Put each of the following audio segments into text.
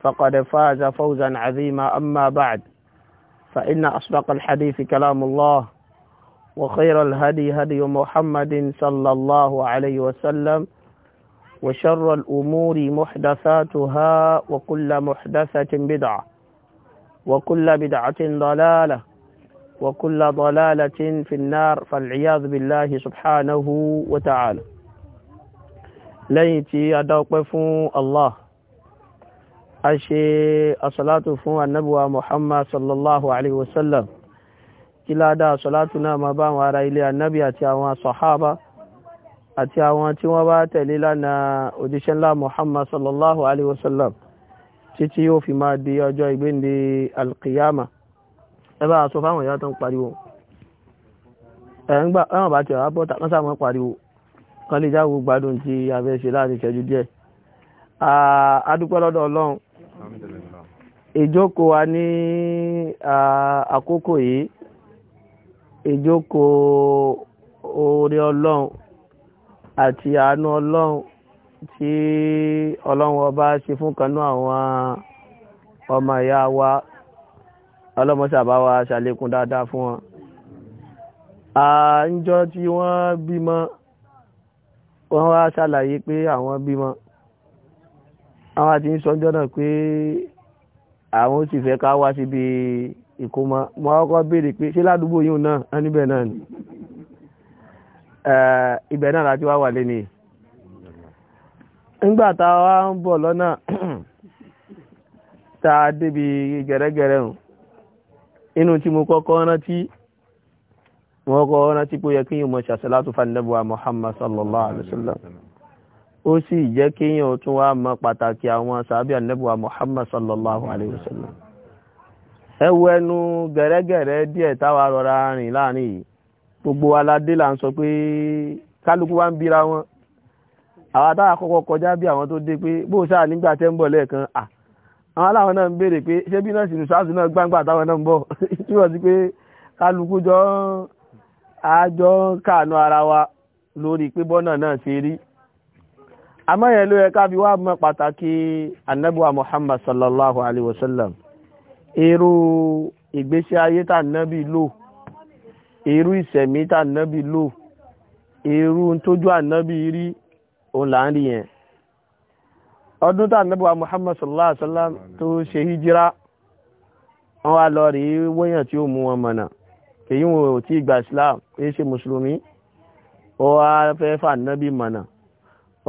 فقد فاز فوزا عظيما أما بعد فإن أصدق الحديث كلام الله وخير الهدي هدي محمد صلى الله عليه وسلم وشر الأمور محدثاتها وكل محدثة بدعة وكل بدعة ضلالة وكل ضلالة في النار فالعياذ بالله سبحانه وتعالى ليتي أدوقف الله a ṣe asọ́látù fún annabuwa muhammad sallallahu alaihi wasallam kí ládá asọ́látù náà ma bá wọn ara ilé annabi àti àwọn sọ̀hábà àti àwọn tí wọ́n bá tẹ̀lé lánà òjíṣẹ́lá muhammad sallallahu alaihi wasallam títí yóò fi máa di ọjọ́ ìgbéǹde alkiyama ẹ bá fáwọn ìyá tó ń pariwo ẹ̀ bá ti ọ̀rá bọ́ta kán sáà pariwo kan lè jáwó gbádùn tí a láti ṣẹ́jú díẹ̀ a lọ́dọ̀ ọlọ́run ìjókòó wa ní àkókò yìí ìjókòó oore ọlọ́run àti àánú ọlọ́run tí ọlọ́run ọba ṣe fún kanú àwọn ọmọ ìyá wa ọlọ́mọṣàbá wa ṣàlékún dáadáa fún wọn àńjọ tí wọ́n bímọ wọ́n wá ṣàlàyé pé àwọn bímọ àwọn àti ń sọjọ́ náà pé àwọn sì fẹ́ ká wá síbi ìkómọ mo kọ́kọ́ béèrè pé ṣé ládùúgbò yìí náà á níbẹ̀ náà ni ibẹ̀ náà láti wá wà lé ni nígbà tá a wá ń bọ̀ lọ́nà tá débi gẹ̀rẹ́gẹ̀rẹ́ hùn inú tí mo kọ́kọ́ rántí mo kọ́kọ́ rántí pé ó yẹ kí n mọ̀ ṣàṣẹ látúfà nẹ́bùwà Muhammad sallallahu alaihi wa sallam ó sì jẹ́ kéèyàn tún wá mọ pàtàkì àwọn sàábì ànẹ́bùwà Muhammad sallallahu alayhi wa sallam ẹ wo ẹnu gẹ̀rẹ́gẹ̀rẹ́ díẹ̀ táwa rọra rìn láàrin yìí gbogbo aládé là ń sọ pé kálukú wá ń bira wọn àwọn táwa kọ́kọ́ kọjá bí àwọn tó dé pé bó sáà nígbà tẹ́ ń bọ̀ lẹ́ẹ̀kan à àwọn aláwọn náà ń béèrè pé ṣé bí náà sì nùsáàsì náà gbangba táwọn náà ń bọ̀ túbọ̀ sí pé kálukú jọ àjọ káànú ara wa lórí pé bọ́nà náà ṣe rí àmọ́yẹ̀ ló yẹ ká fi wá mọ́ pàtàkì annabuwa muhammad sallallahu alaihi wasallam irú ìgbésí ayé tà nábi lò irú ìsẹ̀mí tà nábi lò irú tójú ànábi rí òun là ń rí yẹn ọdún tà nábuwa muhammad sallallahu alaihi wasallam tó ṣe hijira wọ́n wá lọ rí wọ́yàn tí ó mú wọn mọ̀nà èyí wọn ò tí ìgbà islam kìí ṣe mùsùlùmí ó wá fẹ́ fà nábi mọ̀nà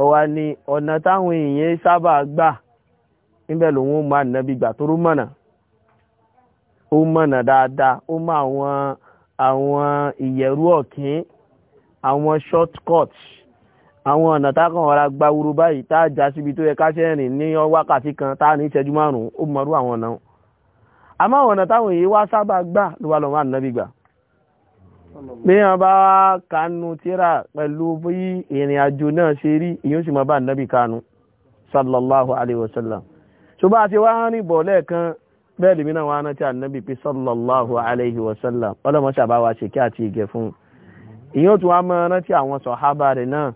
ó wá ní ọ̀nà táwọn èèyàn sábà gbà níbẹ̀ lòun ó máa nàbí gbà tó rúmọ̀nà ó mọ̀nà dáadáa ó mọ àwọn àwọn ìyẹ̀rú ọ̀kín àwọn short cut àwọn ọ̀nà táwọn ọ̀rá gba wúru báyìí tá a já síbi tó yẹ ká ṣẹ́rìn ní wákàtí kan tá a ní ìṣẹ́jú márùn-ún ó mọ̀rú àwọn ọ̀nà àmọ́ ọ̀nà táwọn èèyàn wá sábà gbà ló wá lọ́wọ́ ànábì bí wọn bá wá kanu tíra pẹ̀lú bí ìrìn àjò náà ṣe rí ìyóò sì máa bá nàbì kanu sallallahu alayhi wa sallam ṣùgbọ́n àti wá ń rìn bọ̀ lẹ́ẹ̀kan bẹ́ẹ̀ lèmi náà wá ń rántí ànábì pé sallallahu alayhi wa sallam ọlọ́mọṣà bá wa ṣe kí àti ìgẹ̀ fún ìyóò tún wá máa rántí àwọn sọ̀hábà rẹ̀ náà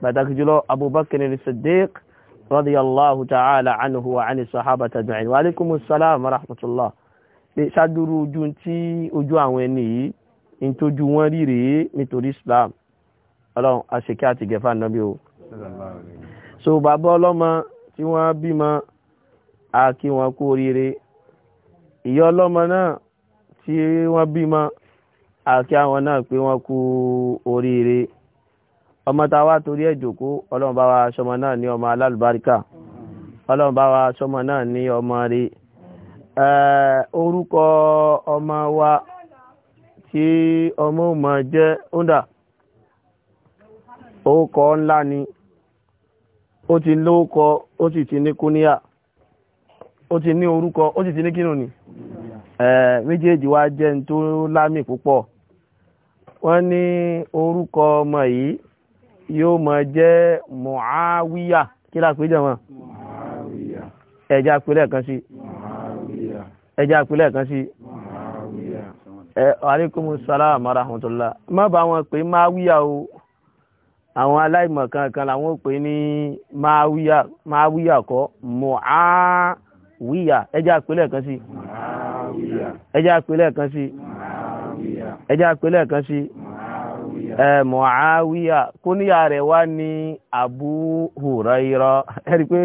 pàtàkì jùlọ abubakar as-siddiq radiyallahu ta'ala anhu wa ani sahaba tajma'in wa alaikumus salam wa rahmatullah ṣáájú ojú tí ojú àwọn ẹni yìí in tójú wọn rí rèé nítorí islam ọlọ́run àṣekẹ́ àti gẹ̀fà nàbí o so bàbá ọlọ́mọ tí wọ́n bímọ a kí wọn kú oríire ìyá ọlọ́mọ náà tí wọ́n bímọ a kí àwọn náà pé wọ́n kú oríire ọmọ tá a wá torí ẹ̀ jòkó ọlọ́run bá wa sọmọ náà ní ọmọ alálùbáríkà ọlọ́run bá wa sọmọ náà ní ọmọ rẹ̀ orúkọ ọmọ wa. tí ọmọ mọ̀ jẹ́ ọ́ndà orúkọ ńlá ni ó ti lóókọ ó sì ti ní kúníyà ó ti ní orúkọ ó sì ti ní kínú ni méjèèjì wá jẹ́ ní tó lámì púpọ̀ wọ́n ní orúkọ ọmọ yìí yóò mọ̀ jẹ́ Muawiya kí láà péjọ mọ́ ẹja pẹ̀lẹ́ kan sí ẹja pẹ̀lẹ́ kan sí. aleykum salaam o àwọn aláìmọ̀ kankan làwọn pè ní máwíyà máwíyà kọ́ mọ̀áwíyà ẹjẹ́ àpélẹ̀ kan sí mọ̀áwíyà kó níyà rẹ̀ wá ní Abu Huraira ẹ̀rí pé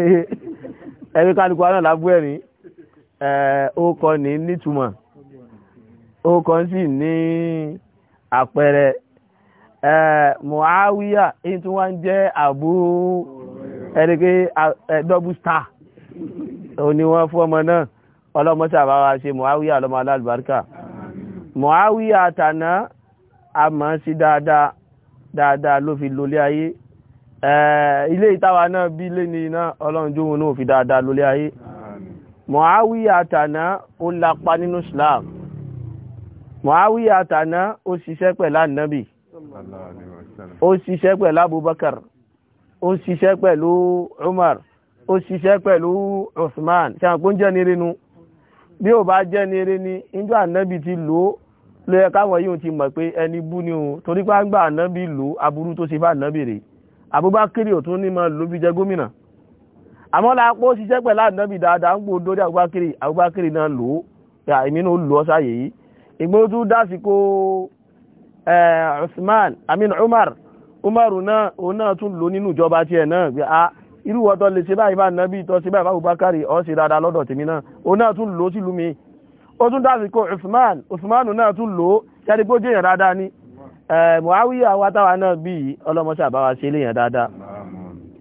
ẹ̀rí kálukú ẹ̀rí ó kọ́ ní ó kàn sí ní àpẹẹrẹ Muawiya èyí tí wọ́n jẹ́ Abu ẹ̀rẹ́gẹ́ double star ó ní wọ́n fún ọmọ náà ọlọ́mọ sàbá wa ṣe Muawiya ọlọ́mọ alábàárkà Muawiya àtànà àmọ́ sí dáadáa dáadáa ló fi lólé ayé ilé ìtawà náà bí lé ní iná ọlọ́run jóhun náà fi dáadáa lólé ayé Muawiya àtànà ó lapa nínú Islam Muawiya àtàná ó ṣiṣẹ́ pẹ̀lú ànábì ó ṣiṣẹ́ pẹ̀lú Abubakar ó ṣiṣẹ́ pẹ̀lú Umar ó ṣiṣẹ́ pẹ̀lú Usman ṣàǹkó ń jẹ́ ní rinu bí ó bá jẹ́ ní ni níjọ́ ànábì ti lò ó ló yẹ káwọn yóò ti mọ̀ pé ẹni bú ni o torí pé àgbà ànábì lò ó aburú tó ṣe bá ànábì rè Abubakar ò tún ní mọ ló fi jẹ gómìnà àmọ́ la pọ́ ṣiṣẹ́ pẹ̀lú ànábì dáadáa ń gbòó dórí Abubakar Abubakar náà lò ó èmi náà lò ó sáyé yìí ìgbó tó dásìkò Usman amin Umar Umaru náà òun náà tún lò nínú ìjọba tiẹ̀ náà gbé a ah, irú ọ̀tọ̀ lè ṣe báyìí bá nàbí ìtọ́ sí báyìí Abubakar ó sì dáadáa lọ́dọ̀ tèmi náà òun náà tún lò sílùú mi ó tún dásìkò Usman Usman náà tún lò ṣẹ́ni pé ó jẹ́yàn dáadáa ni Muawiya wa táwa náà bí ọlọ́mọṣà bá wa ṣe léyàn dáadáa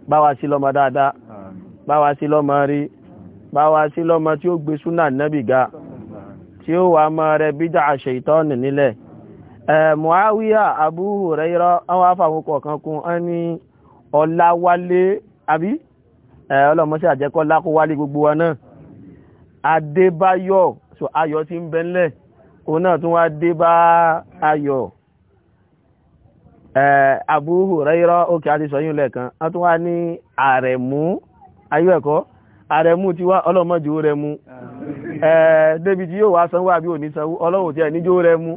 bá wa sí lọ́mọ dáadáa bá wa ga. tí ó wà mọ́ rẹ̀ bídà àṣẹ ìtọ́nì nílẹ̀ Muawiya Abu Huraira àwọn afàwọ́kọ̀ kan kún án ní Ọláwálé àbí ọlọ́mọṣẹ́ àjẹ́kọ́ lákówálé gbogbo wa náà Adébáyọ̀ so ayọ̀ ti ń bẹ́ńlẹ̀ náà tún bá ayọ̀ ayọ́ débi tí yóò wá sanwó àbí òní sanwó ọlọ́run tí ẹ̀ níjó rẹ mú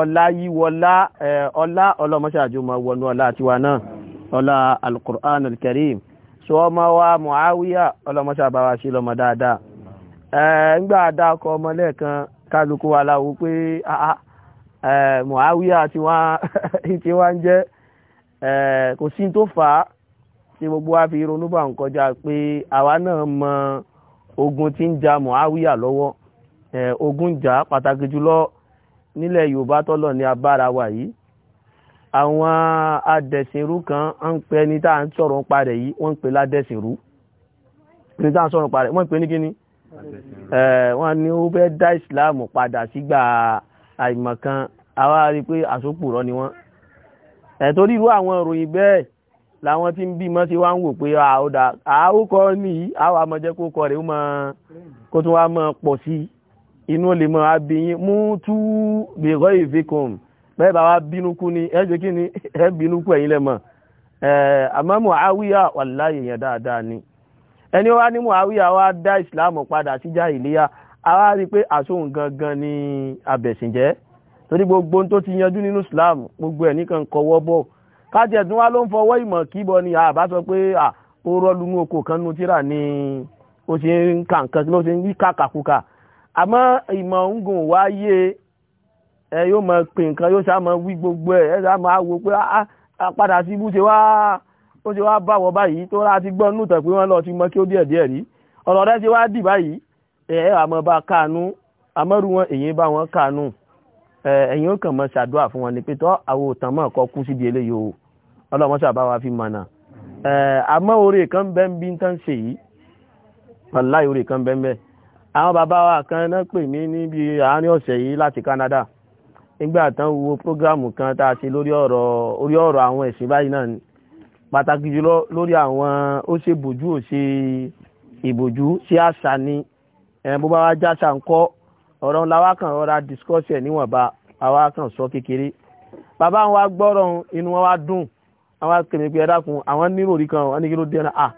ọlá yíwọlá ọlá ọlọ́mọṣàjò wọnú ọlá tiwa náà ọlá al alkarim so ọmọ wa Muawiya ọlọ́mọṣàbáwá sí dáadáa ńgbà gbogbo wa fi ń kọjá ogun tí ń ja muawiya lọ́wọ́ ogun jà pàtàkì jùlọ nílẹ̀ yorùbá tọ́lọ̀ ní abára wa yìí àwọn adẹ̀sìnrú kan ń pè ní tá à ń sọ̀rọ̀ ń parẹ̀ yìí wọ́n ń pè ládẹ̀sìnrú ní tá à ń sọ̀rọ̀ ń parẹ̀ wọ́n ń pè ní kíni wọ́n ní ó fẹ́ dá ìsìláàmù padà sígbà àìmọ̀kan àwa rí i pé àsopọ̀ rọ ni wọ́n ẹ̀ torí irú àwọn ìròyìn bẹ́ẹ̀ làwọn tí ń bímọ sí wá ń wò pé àódà àókọ ní àwọn amọ̀jẹ́ kó kọ rẹ̀ ó mọ kó tún wá mọ pọ̀ sí inú lè mọ abiyin mú tú gbèrọ ìfikùn bẹ́ẹ̀ bá wá bínú kú ni ẹ ṣe kí ni ẹ bínú kú ẹ̀yin lẹ́mọ̀ àmọ́ Muawiya wallahi yẹn dáadáa ni ẹni wá ní Muawiya wá kájẹ̀ tí wọ́n ló ń fọwọ́ ìmọ̀ kíbọ ni àbá sọ pé ó rọ́ọ̀lù ní oko kan nu tíra ni ó ṣe ń ka nǹkan ló ṣe ń yí kàkàkùkà àmọ́ ìmọ̀ ń gùn wá yé ẹ yóò mọ pè nǹkan yóò ṣàmọ wí gbogbo ẹ ẹ ṣàmọ àwò pé padà sí ibú ṣe wá ó ṣe wá báwọ̀ báyìí tó rà ti gbọ́ nùtọ̀ pé wọ́n lọ ti mọ kí ó díẹ̀ díẹ̀ rí ọ̀rọ̀ rẹ ṣe wá dì báyìí ẹ àmọ́ bá káànú àmọ́rú wọn èyí bá wọn káànú ẹ̀yìn ó kàn mọ́ ṣàdúrà fún wọn ni pé àwọn òtàn mọ́ ọkọ̀ kú síbi eléyìí o ọlọ́mọ́sà bá wa fi mọ̀nà àmọ́ orí kan bẹ́m̀bí ń tán ṣe yìí wàláhì orí kan bẹ́m̀bẹ́ àwọn bàbá wa kan náà pè mí níbi àárín ọ̀sẹ̀ yìí láti Canada nígbà tán wo prógrámù kan tá a ṣe lórí ọ̀rọ̀ orí ọ̀rọ̀ àwọn ẹ̀sìn báyìí náà pàtàkì jùlọ lórí àwọn ó ṣe bòjú ò ṣe ìbòjú ṣé àṣà ni bó bá wá jáṣà ń kọ́ ọ̀rọ̀ ńlá wa rọra discuss ẹ̀ níwọ̀nba àwa kàn sọ kékeré bàbá wa gbọ́rọ̀ inú wọn wá dùn àwọn akẹ́mi pé ẹ̀dákun àwọn nírò orí kan wọ́n ní kí ló dé náà à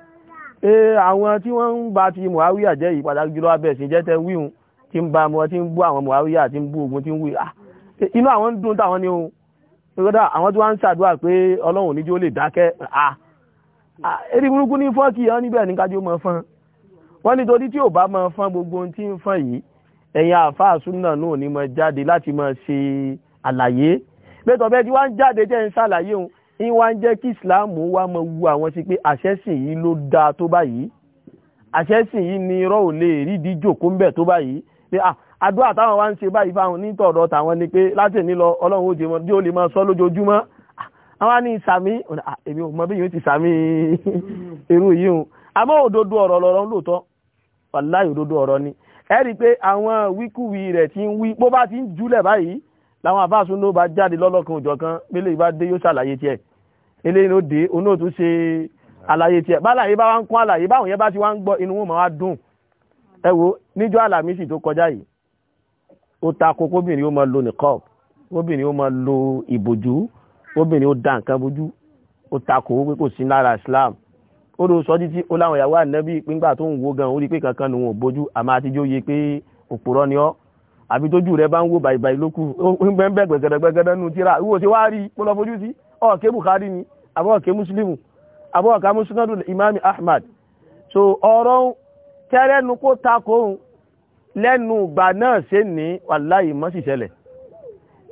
ee àwọn tí wọ́n ń ba ti Muawiya jẹ́ yìí pàtàkì jùlọ abẹ́ ẹ̀sìn jẹ́tẹ̀ wíhun tí ń ba mọ́ tí ń bú àwọn Muawiya tí ń bú ogun tí ń wí à ah, eh, inú àwọn ń dùn táwọn ní o kódà àwọn tí wọ́n ń ṣàdúrà ń wá ń jẹ́ kí islam wá mọ wu àwọn sí pé àṣẹ́sìn yìí ló dáa tó báyìí àṣẹ́sìn yìí ni irọ́ ò lè rí díjòkó ń bẹ̀ tó báyìí pé ah, àdúrà táwọn wá ń ṣe báyìí fáwọn nítọ̀ọ̀dọ̀ tàwọn ni pé láti ní lọ ọlọ́run ó jẹmọ bí ó lè máa sọ lójoojúmọ́ ah, àwọn ní sàmí ah, èmi ò mọ bí yóò ti sàmí irú yìí o àmọ́ òdodo ọ̀rọ̀ lọ́rọ̀ ń lòótọ́ wàláì òdodo ọ̀rọ̀ ni ẹ rí i pé àwọn wíkúwì rẹ̀ ti ń wí bó bá ti ń júlẹ̀ báyìí láwọn àfáàsùn ló bá jáde lọ́lọ́kan òjọ̀ kan pélé ìbá dé yóò ṣàlàyé tiẹ̀ eléyìí ló dé onóòtú ṣe àlàyé tiẹ̀ bálàyé bá wá ń kún àlàyé báwọn yẹn bá ti wá ń gbọ́ inú wọn máa dùn ẹ wo níjọ́ àlàmísì tó kọjá yìí ó ta ko kóbìnrin ó máa lo nìkọ́ọ̀ kóbìnrin ó máa lo ìbòjú kóbìnrin ó da nǹkan bójú ó ta ko pé kò sí lára Islam ó lọ sọ títí ó láwọn ìyàwó ànábì pínpà tó ń wo gan orí pé kankan lòun ò bójú àmọ́ àtijọ́ yẹ pé òpùrọ́ ni ọ́ àbí tójú rẹ bá ń wò bàìbàì lókù gbẹ́ngbẹ́ gbẹ̀gẹ̀dẹ̀gbẹ̀gẹ̀dẹ̀ nù tíra ìwò tí wàá rí kó lọ fojú sí ọ̀ọ̀kẹ́ Bukhari ni àbọ̀ọ̀kẹ́ Muslimu àbọ̀ọ̀kẹ́ Musnadu Imami Ahmad so ọ̀rọ̀ tẹ́rẹ́nu kó takòun lẹ́nu ìgbà náà ṣe ní wàláyé mọ́ sì ṣẹlẹ̀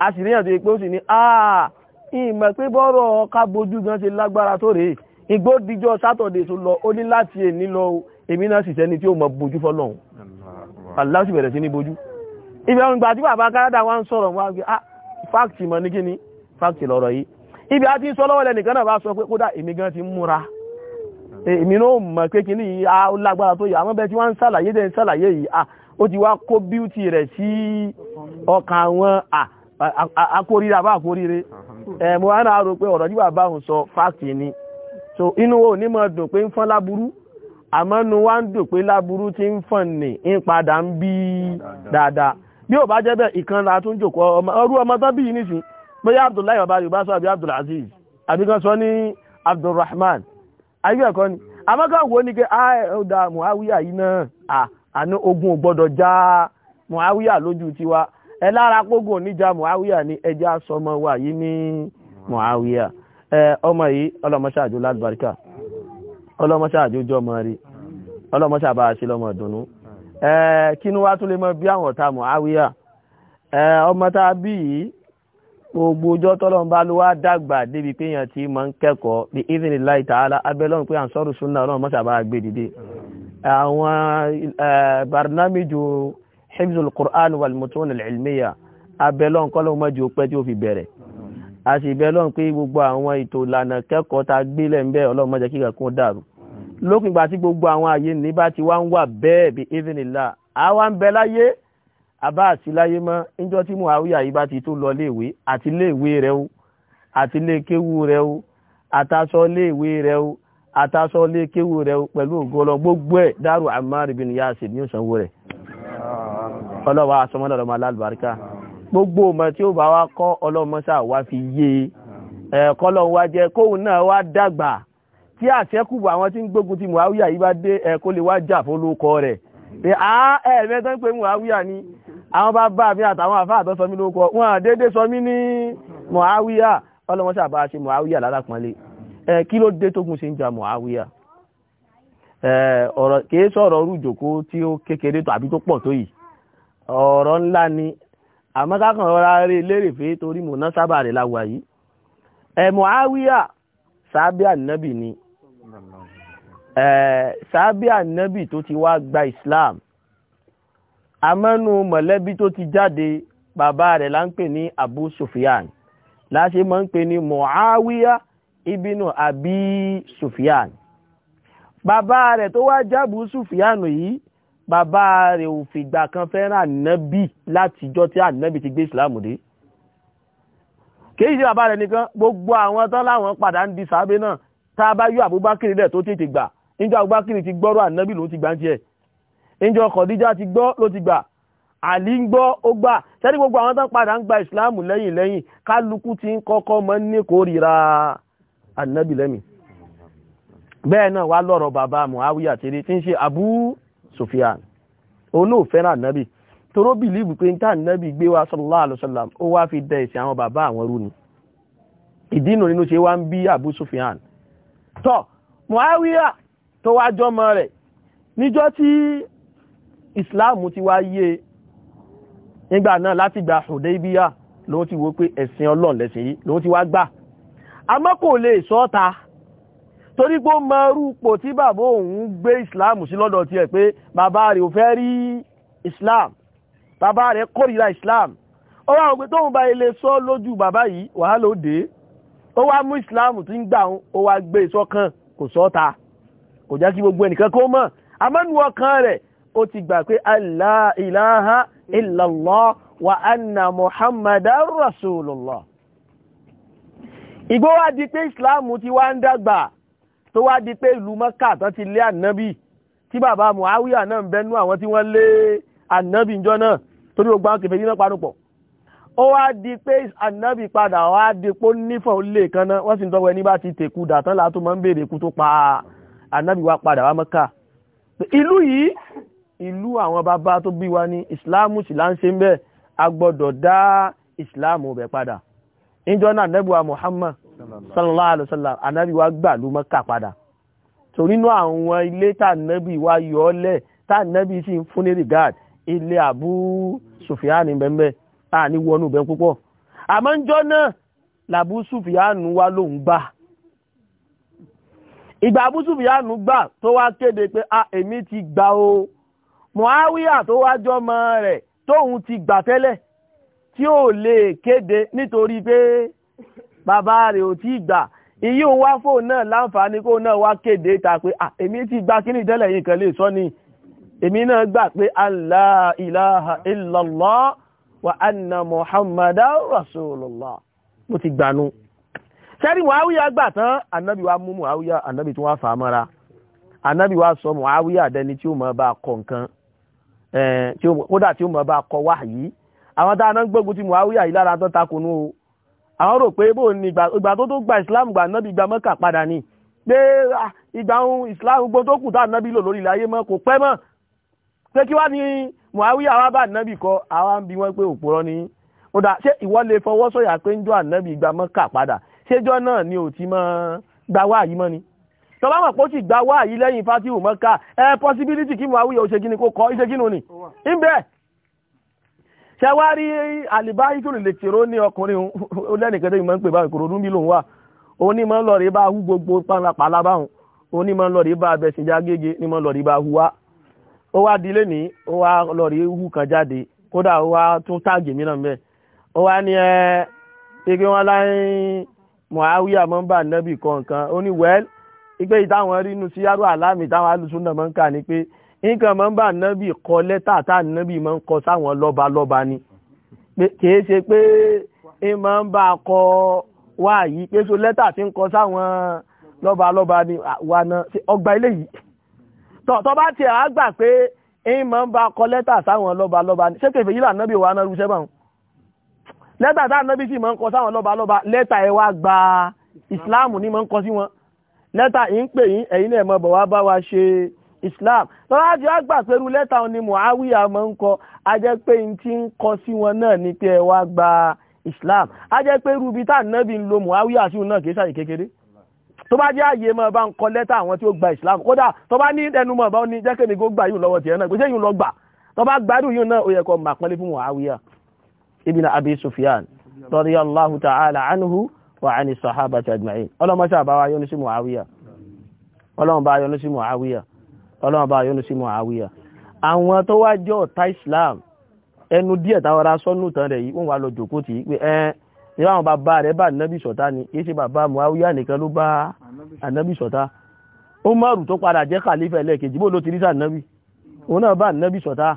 a sì ríyàn tó yẹ pé ó sì ní àà ìmọ̀ pé bọ́rọ̀ ká bojú gan ṣe lágbára tó rèé igbó sátọ̀dẹ̀ tó lọ ó ní láti èní lọ èmi náà sì sẹ́ni tí ó mọ bojú fọ́lọ́hun Allah sì bẹ̀rẹ̀ sí ní bojú ibi àwọn ìgbà tí bàbá kárádà wá ń sọ̀rọ̀ wá gbé ah fáàkì mọ̀ ní kí ni fáàkì lọ́rọ̀ yìí ibi àti ń sọ lọ́wọ́ lẹ́nìkan náà bá sọ pé kódà èmi gan ti múra eh, èmi náà mọ̀ pé kí ni yìí ah ó lágbára tó yìí àmọ́ bẹ́ẹ̀ tí wọ́n ń ṣàlàyé dẹ̀ ń ah ó ti wá kó bíútì rẹ̀ sí ọkàn àwọn akórira bá akórire eh, mo wá náà rò pé ọ̀rọ̀ tí ni so inú wo ní mọ̀ dùn pé ń fọ́n láburú àmọ́ nu wá ń dùn pé láburú ti ń fọ́n ní ń ń bí dáadáa bí ò bá jẹ́ bẹ́ẹ̀ ìkan la tún jòkó ọmọ ọrú ọmọ tán bí yìí nìsín bóyá abdullahi ọba yorùbá sọ àbí abdulaziz àbí kan sọ ní abdulrahman ayé ẹ̀kọ́ ni amákan wo ni ke ọ̀dà muawiya yìí náà àní ogun ò gbọ́dọ̀ já muawiya lójú tiwa ẹ lára pógùn oníjà muawiya ni ẹjẹ́ asọmọ wa yìí ní muawiya ọmọ yìí ọlọmọṣáàjò lálùbáríkà ọlọmọṣáàjò jọmọ rí ọlọmọṣáàbà àṣìlọmọ ìdùnnú kí ni wá tún lè mọ bí àwọn ọ̀tá Muawiya ọmọ tá a bí yìí gbogbo ọjọ́ tọ́lọ́n bá ló wá dàgbà débi pé èèyàn ti máa ń kẹ́kọ̀ọ́ bí even láì tààlà abẹ́lọ́run pé à ń sọ́rọ̀ súnà ọlọ́run mọ́sà gbé dìde àwọn Qur'an wal mutun al a sì pé gbogbo àwọn kẹ́kọ̀ọ́ ta ọlọ́run mọ́jẹ́ kíkà lókùn ìgbà tí gbogbo àwọn àyè ní bá ti wá ń wà bẹ́ẹ̀ bí evenila àwa ń bẹ láyé àbá àti láyé mọ́ níjọ́ tí muhawiya yìí bá ti tó lọ léèwé àti léèwé rẹ o àti léèkéwu rẹ o àtàsọ léèwé rẹ o àtàsọ léèkéwu rẹ o pẹ̀lú ògọlọ gbogbo ẹ̀ dárò Ammar bin Yasir ní òsanwó rẹ̀ ọlọ́wà asọmọlọ́lọ́mọ alálùbáríkà gbogbo ọmọ tí ó bá wá kọ́ ọlọ́mọṣà wá fi yé e kọ́lọ́ wá jẹ́ kóun náà wá dàgbà tí àṣẹ́kùbù àwọn tí ń gbógun ti muawiya yìí bá dé ẹ lè wá jà fólókọ rẹ̀ pé a ẹ̀ẹ̀mẹ́tọ́ ń pè muawiya ni àwọn bá bá mi àtàwọn àfáà tó sọ mí lóko wọn àdédé sọ mí ní muawiya ọlọ́wọ́n sábà ṣe muawiya lálápọ̀nlé ẹ kí ló dé tógun ṣe ń jà muawiya ọ̀rọ̀ kìí sọ̀rọ̀ orú ìjòkó tí ó kékeré tàbí tó pọ̀ tó yìí ọ̀rọ̀ ńlá ni àmọ́ sábẹ́ ànábì ni sábí ànábì tó ti wá gba islam amẹ́nu mọ̀lẹ́bí tó ti jáde bàbá rẹ̀ là ń pè ní abu sufyan láṣẹ máa ń pè ní muawiya ibinu abi sufyan bàbá rẹ̀ tó wá jábù sufyan yìí bàbá rẹ̀ ò fìgbà kan fẹ́ràn ànábì látijọ́ tí ànábì ti gbé islam dé kìí ṣe bàbá rẹ̀ nìkan gbogbo àwọn tán láwọn padà ń di sàábé náà tá a bá yọ àbúbákiri lẹ̀ tó tètè gbà níjọ́ àbúbákiri ti gbọ́rọ̀ ànábì ló ti gbà ń tiẹ̀ níjọ́ kọ̀díjà ti gbọ́ ló ti gbà àlí ń gbọ́ ó gbà sẹ́ni gbogbo àwọn tán padà ń gba ìsìláàmù lẹ́yìn lẹ́yìn kálukú ti ń kọ́kọ́ mọ́ ní kórìíra ànábì lẹ́mì náà wá lọ́rọ̀ bàbá Muawiya tèrè tí ń ṣe Abu Sufyan olóòfẹ́ràn ànábì toró bìlíìbù pé níta ànábì gbé wa sallallahu alaihi wasallam ó wá fi dẹ ìsìn àwọn bàbá àwọn rú ni ìdí nù nínú ṣe wá ń bí Abu Sufyan tọ́ Muawiya tó wá jọmọ rẹ̀ níjọ́ tí ìsìláàmù ti wá yé e, nígbà náà láti gba Hudaybiya lóun ti wo pé ẹ̀sìn ọlọ́run lẹ́sìn yìí lóun ti wá gbà àmọ́ kò lè sọ́ta torí pé ó mọ rúpò tí bàbá òun gbé islam sí lọ́dọ̀ tiẹ̀ pé bàbá rẹ̀ ò fẹ́ rí islam bàbá rẹ̀ kórìíra islam ó wá ògbé tóun bá ilé sọ lójú bàbá yìí wàhálà ó dé ó wá mú ìsìláàmù tí ń gbà ó wá gbé sọ́kàn kò sọ́ta kò já sí gbogbo ẹnìkan kó mọ̀ amẹ́nu ọkàn rẹ̀ ó ti gbà pé Allah ilaha wa anna muhammadan rasulullah ìgbó wá di pé ìsìláàmù ti wá ń dàgbà tó wá di pé ìlú mọ́kà tán ti lé ànábì tí bàbá muawiya náà ń bẹnu àwọn tí wọ́n lé ànábì ìjọ náà torí gbogbo àwọn kèfèrí náà panupọ̀ ó wá di pé ànábì padà wá di pé ó nífọ̀ lè kan náà wọ́n sì ń tọ́wọ́ ẹni bá ti tèkú dàtán látó máa ń béèrè ikú tó pa ànábì wá padà wá Mẹ́kà ìlú yìí ìlú àwọn bàbá tó bí wa ní ìsìláàmù sì là ń bẹ́ẹ̀ a gbọ́dọ̀ dá ìsìláàmù rẹ̀ padà ìjọ ànábì wa Muhammad sallallahu alaihi wasallam ànábì wa gbà ló Mẹ́kà so nínú àwọn ilé tá wa yọ ọ́ lẹ̀ tá ànábì sì ń Abu Sufyan bẹ́ẹ̀ a ní wọnú bẹ́ẹ̀ púpọ̀ àmọ́ ń jọ náà làbú sùfìyànù wá lòún gbà ìgbà àbú sùfìyànù gbà tó wá kéde pé a èmi ti gbà o mọ̀háwíyà tó wá jọmọ rẹ̀ tóun ti gbà tẹ́lẹ̀ tí ò lè kéde nítorí pé bàbá rẹ̀ ò tí gbà ìyí òun wá fóun náà láǹfààní kó náà wá kéde ta pé à èmi ti gba kíní tẹ́lẹ̀ yìí kan lè sọ ni èmi náà gbà pé Allah ilaha wa anna muhammadan rasulullah mo ti gbanú sẹ́rí muawiya gbà tán anabi wa mú muawiya anabi tí wọ́n fà á mọ́ra anabi wa sọ muawiya dẹni tí ó mọ̀ bá kọ nǹkan kódà tí ó mọ̀ bá kọ wáyìí àwọn tá a náà ń gbógun ti muawiya yìí lára tó takunú o àwọn rò pé bó ní ìgbà tó tó gba islam gba anabi gba mọ́kà padà ni pé ah, ìgbà ohun islam gbogbo tó kù tá anabi lò lórí ilẹ̀ ayé mọ́ kò pẹ́ pé kí wá ní Muawiya wá bá ànábì kọ àwa ń bi wọ́n pé òpòrọ́ ni ó dà ṣé ìwọ lè fọwọ́ sọ̀yà pé ń jọ ànábì gba Mọ́kà padà ṣéjọ́ náà ni ò ti mọ́ gba wáàyí mọ́ ni tọ́lá mọ̀ pé sì gba wáàyí lẹ́yìn fatihu Mọ́kà ẹ possibility kí Muawiya ó ṣe kíni kó kọ́ iṣẹ́ kíni òní ń bẹ́ẹ̀ ṣẹwárí àlìbá ìtòrò lè tèrò ní ọkùnrin olẹ́nìkẹ́tẹ́ ìmọ̀ ń pè bá ìkòrò ọdún bí lòun wà òní mọ́ lọ́rẹ̀ bá hú gbogbo pálapàla báhùn òní mọ́ lọ́rẹ̀ bá abẹ́sìnjá gẹ́gẹ́ ní mọ́ lọ́rẹ̀ bá hú wá ó wá dilé ní ó wá lọ rí ihu kan jáde kódà ó wá tún táàgì mìíràn bẹ́ẹ̀ ó wá ní ẹ ike wọn láyé Muawiya mọ́ ń bà nẹ́bì kọ̀ọ̀kan ó ní wẹ́ẹ́lì ìgbé ìtàwọn rínú sí yàrá aláàmì táwọn alùsùnà máa ń kà ní pé nǹkan máa ń bá nábì kọ lẹ́tà tá nábì máa ń kọ sáwọn lọ́ba lọ́ba ni kìí ṣe pé ń máa kọ wáyí pé so lẹ́tà tí ń kọ sáwọn lọ́ba lọ́ba ni wà náà ọgbà ilé tọ́ bá tiẹ̀ á gbà pé ń máa ń bá kọ lẹ́tà sáwọn lọ́balọ́ba ṣé kèfè yìí lànà bí wàá náà rúṣẹ́ báwọn lẹ́tà táwọn náà bí sì máa ń kọ sáwọn lọ́balọ́ba lẹ́tà ẹ wá gba ìsìláàmù ní máa ń kọ sí wọn lẹ́tà yìí ń pè yín ẹ̀yin náà mọ̀ bọ̀ wá bá wa ṣe islam lọ́wọ́ àti àgbà pẹ̀lú lẹ́tà òun ni muawiya máa ń kọ ajẹ́ pé n ti ń kọ sí wọn náà ní pé ẹ wá gba islam ajẹ́ pé rúbi tá ànábì ń lo muawiya sí òun náà kì í ṣàyè kékeré tó bá jẹ́ àyè mọ̀ bá ń kọ lẹ́tà àwọn tí ó gba ìsìlámù kódà tó bá ní ẹnu mọ̀ bá ní jẹ́kẹ̀mí kó gbà yìí lọ́wọ́ tiẹ̀ náà gbèsè yìí lọ gbà tó bá gbádùn yìí náà ó yẹ kó mà pẹ́lẹ́ fún Muawiya ibn Abi Sufyan radiyallahu ta'ala anhu wa ani sahabati ajma'in ọlọ́mọ sáà bá wa yọ́nú sí Muawiya ọlọ́mọ bá yọ́nú sí Muawiya ọlọ́mọ bá yọ́nú sí Muawiya àwọn tó wá jẹ́ ọ̀tá Islam ẹnu díẹ̀ táwọn ará sọ́nù tán rẹ̀ yìí wọ́n wá lọ jòkó tì í pé ẹ́ ìwọ́n bàbá rẹ̀ bá nábì sọ̀tá ni kì í ṣe bàbá Muawiya nìkan ló bá ànábì ṣọ̀tá Umaru tó padà jẹ́ khalifa ẹlẹ́ẹ̀kejì bó ló ti rí sí ànábì òun náà bá ànábì ṣọ̀tá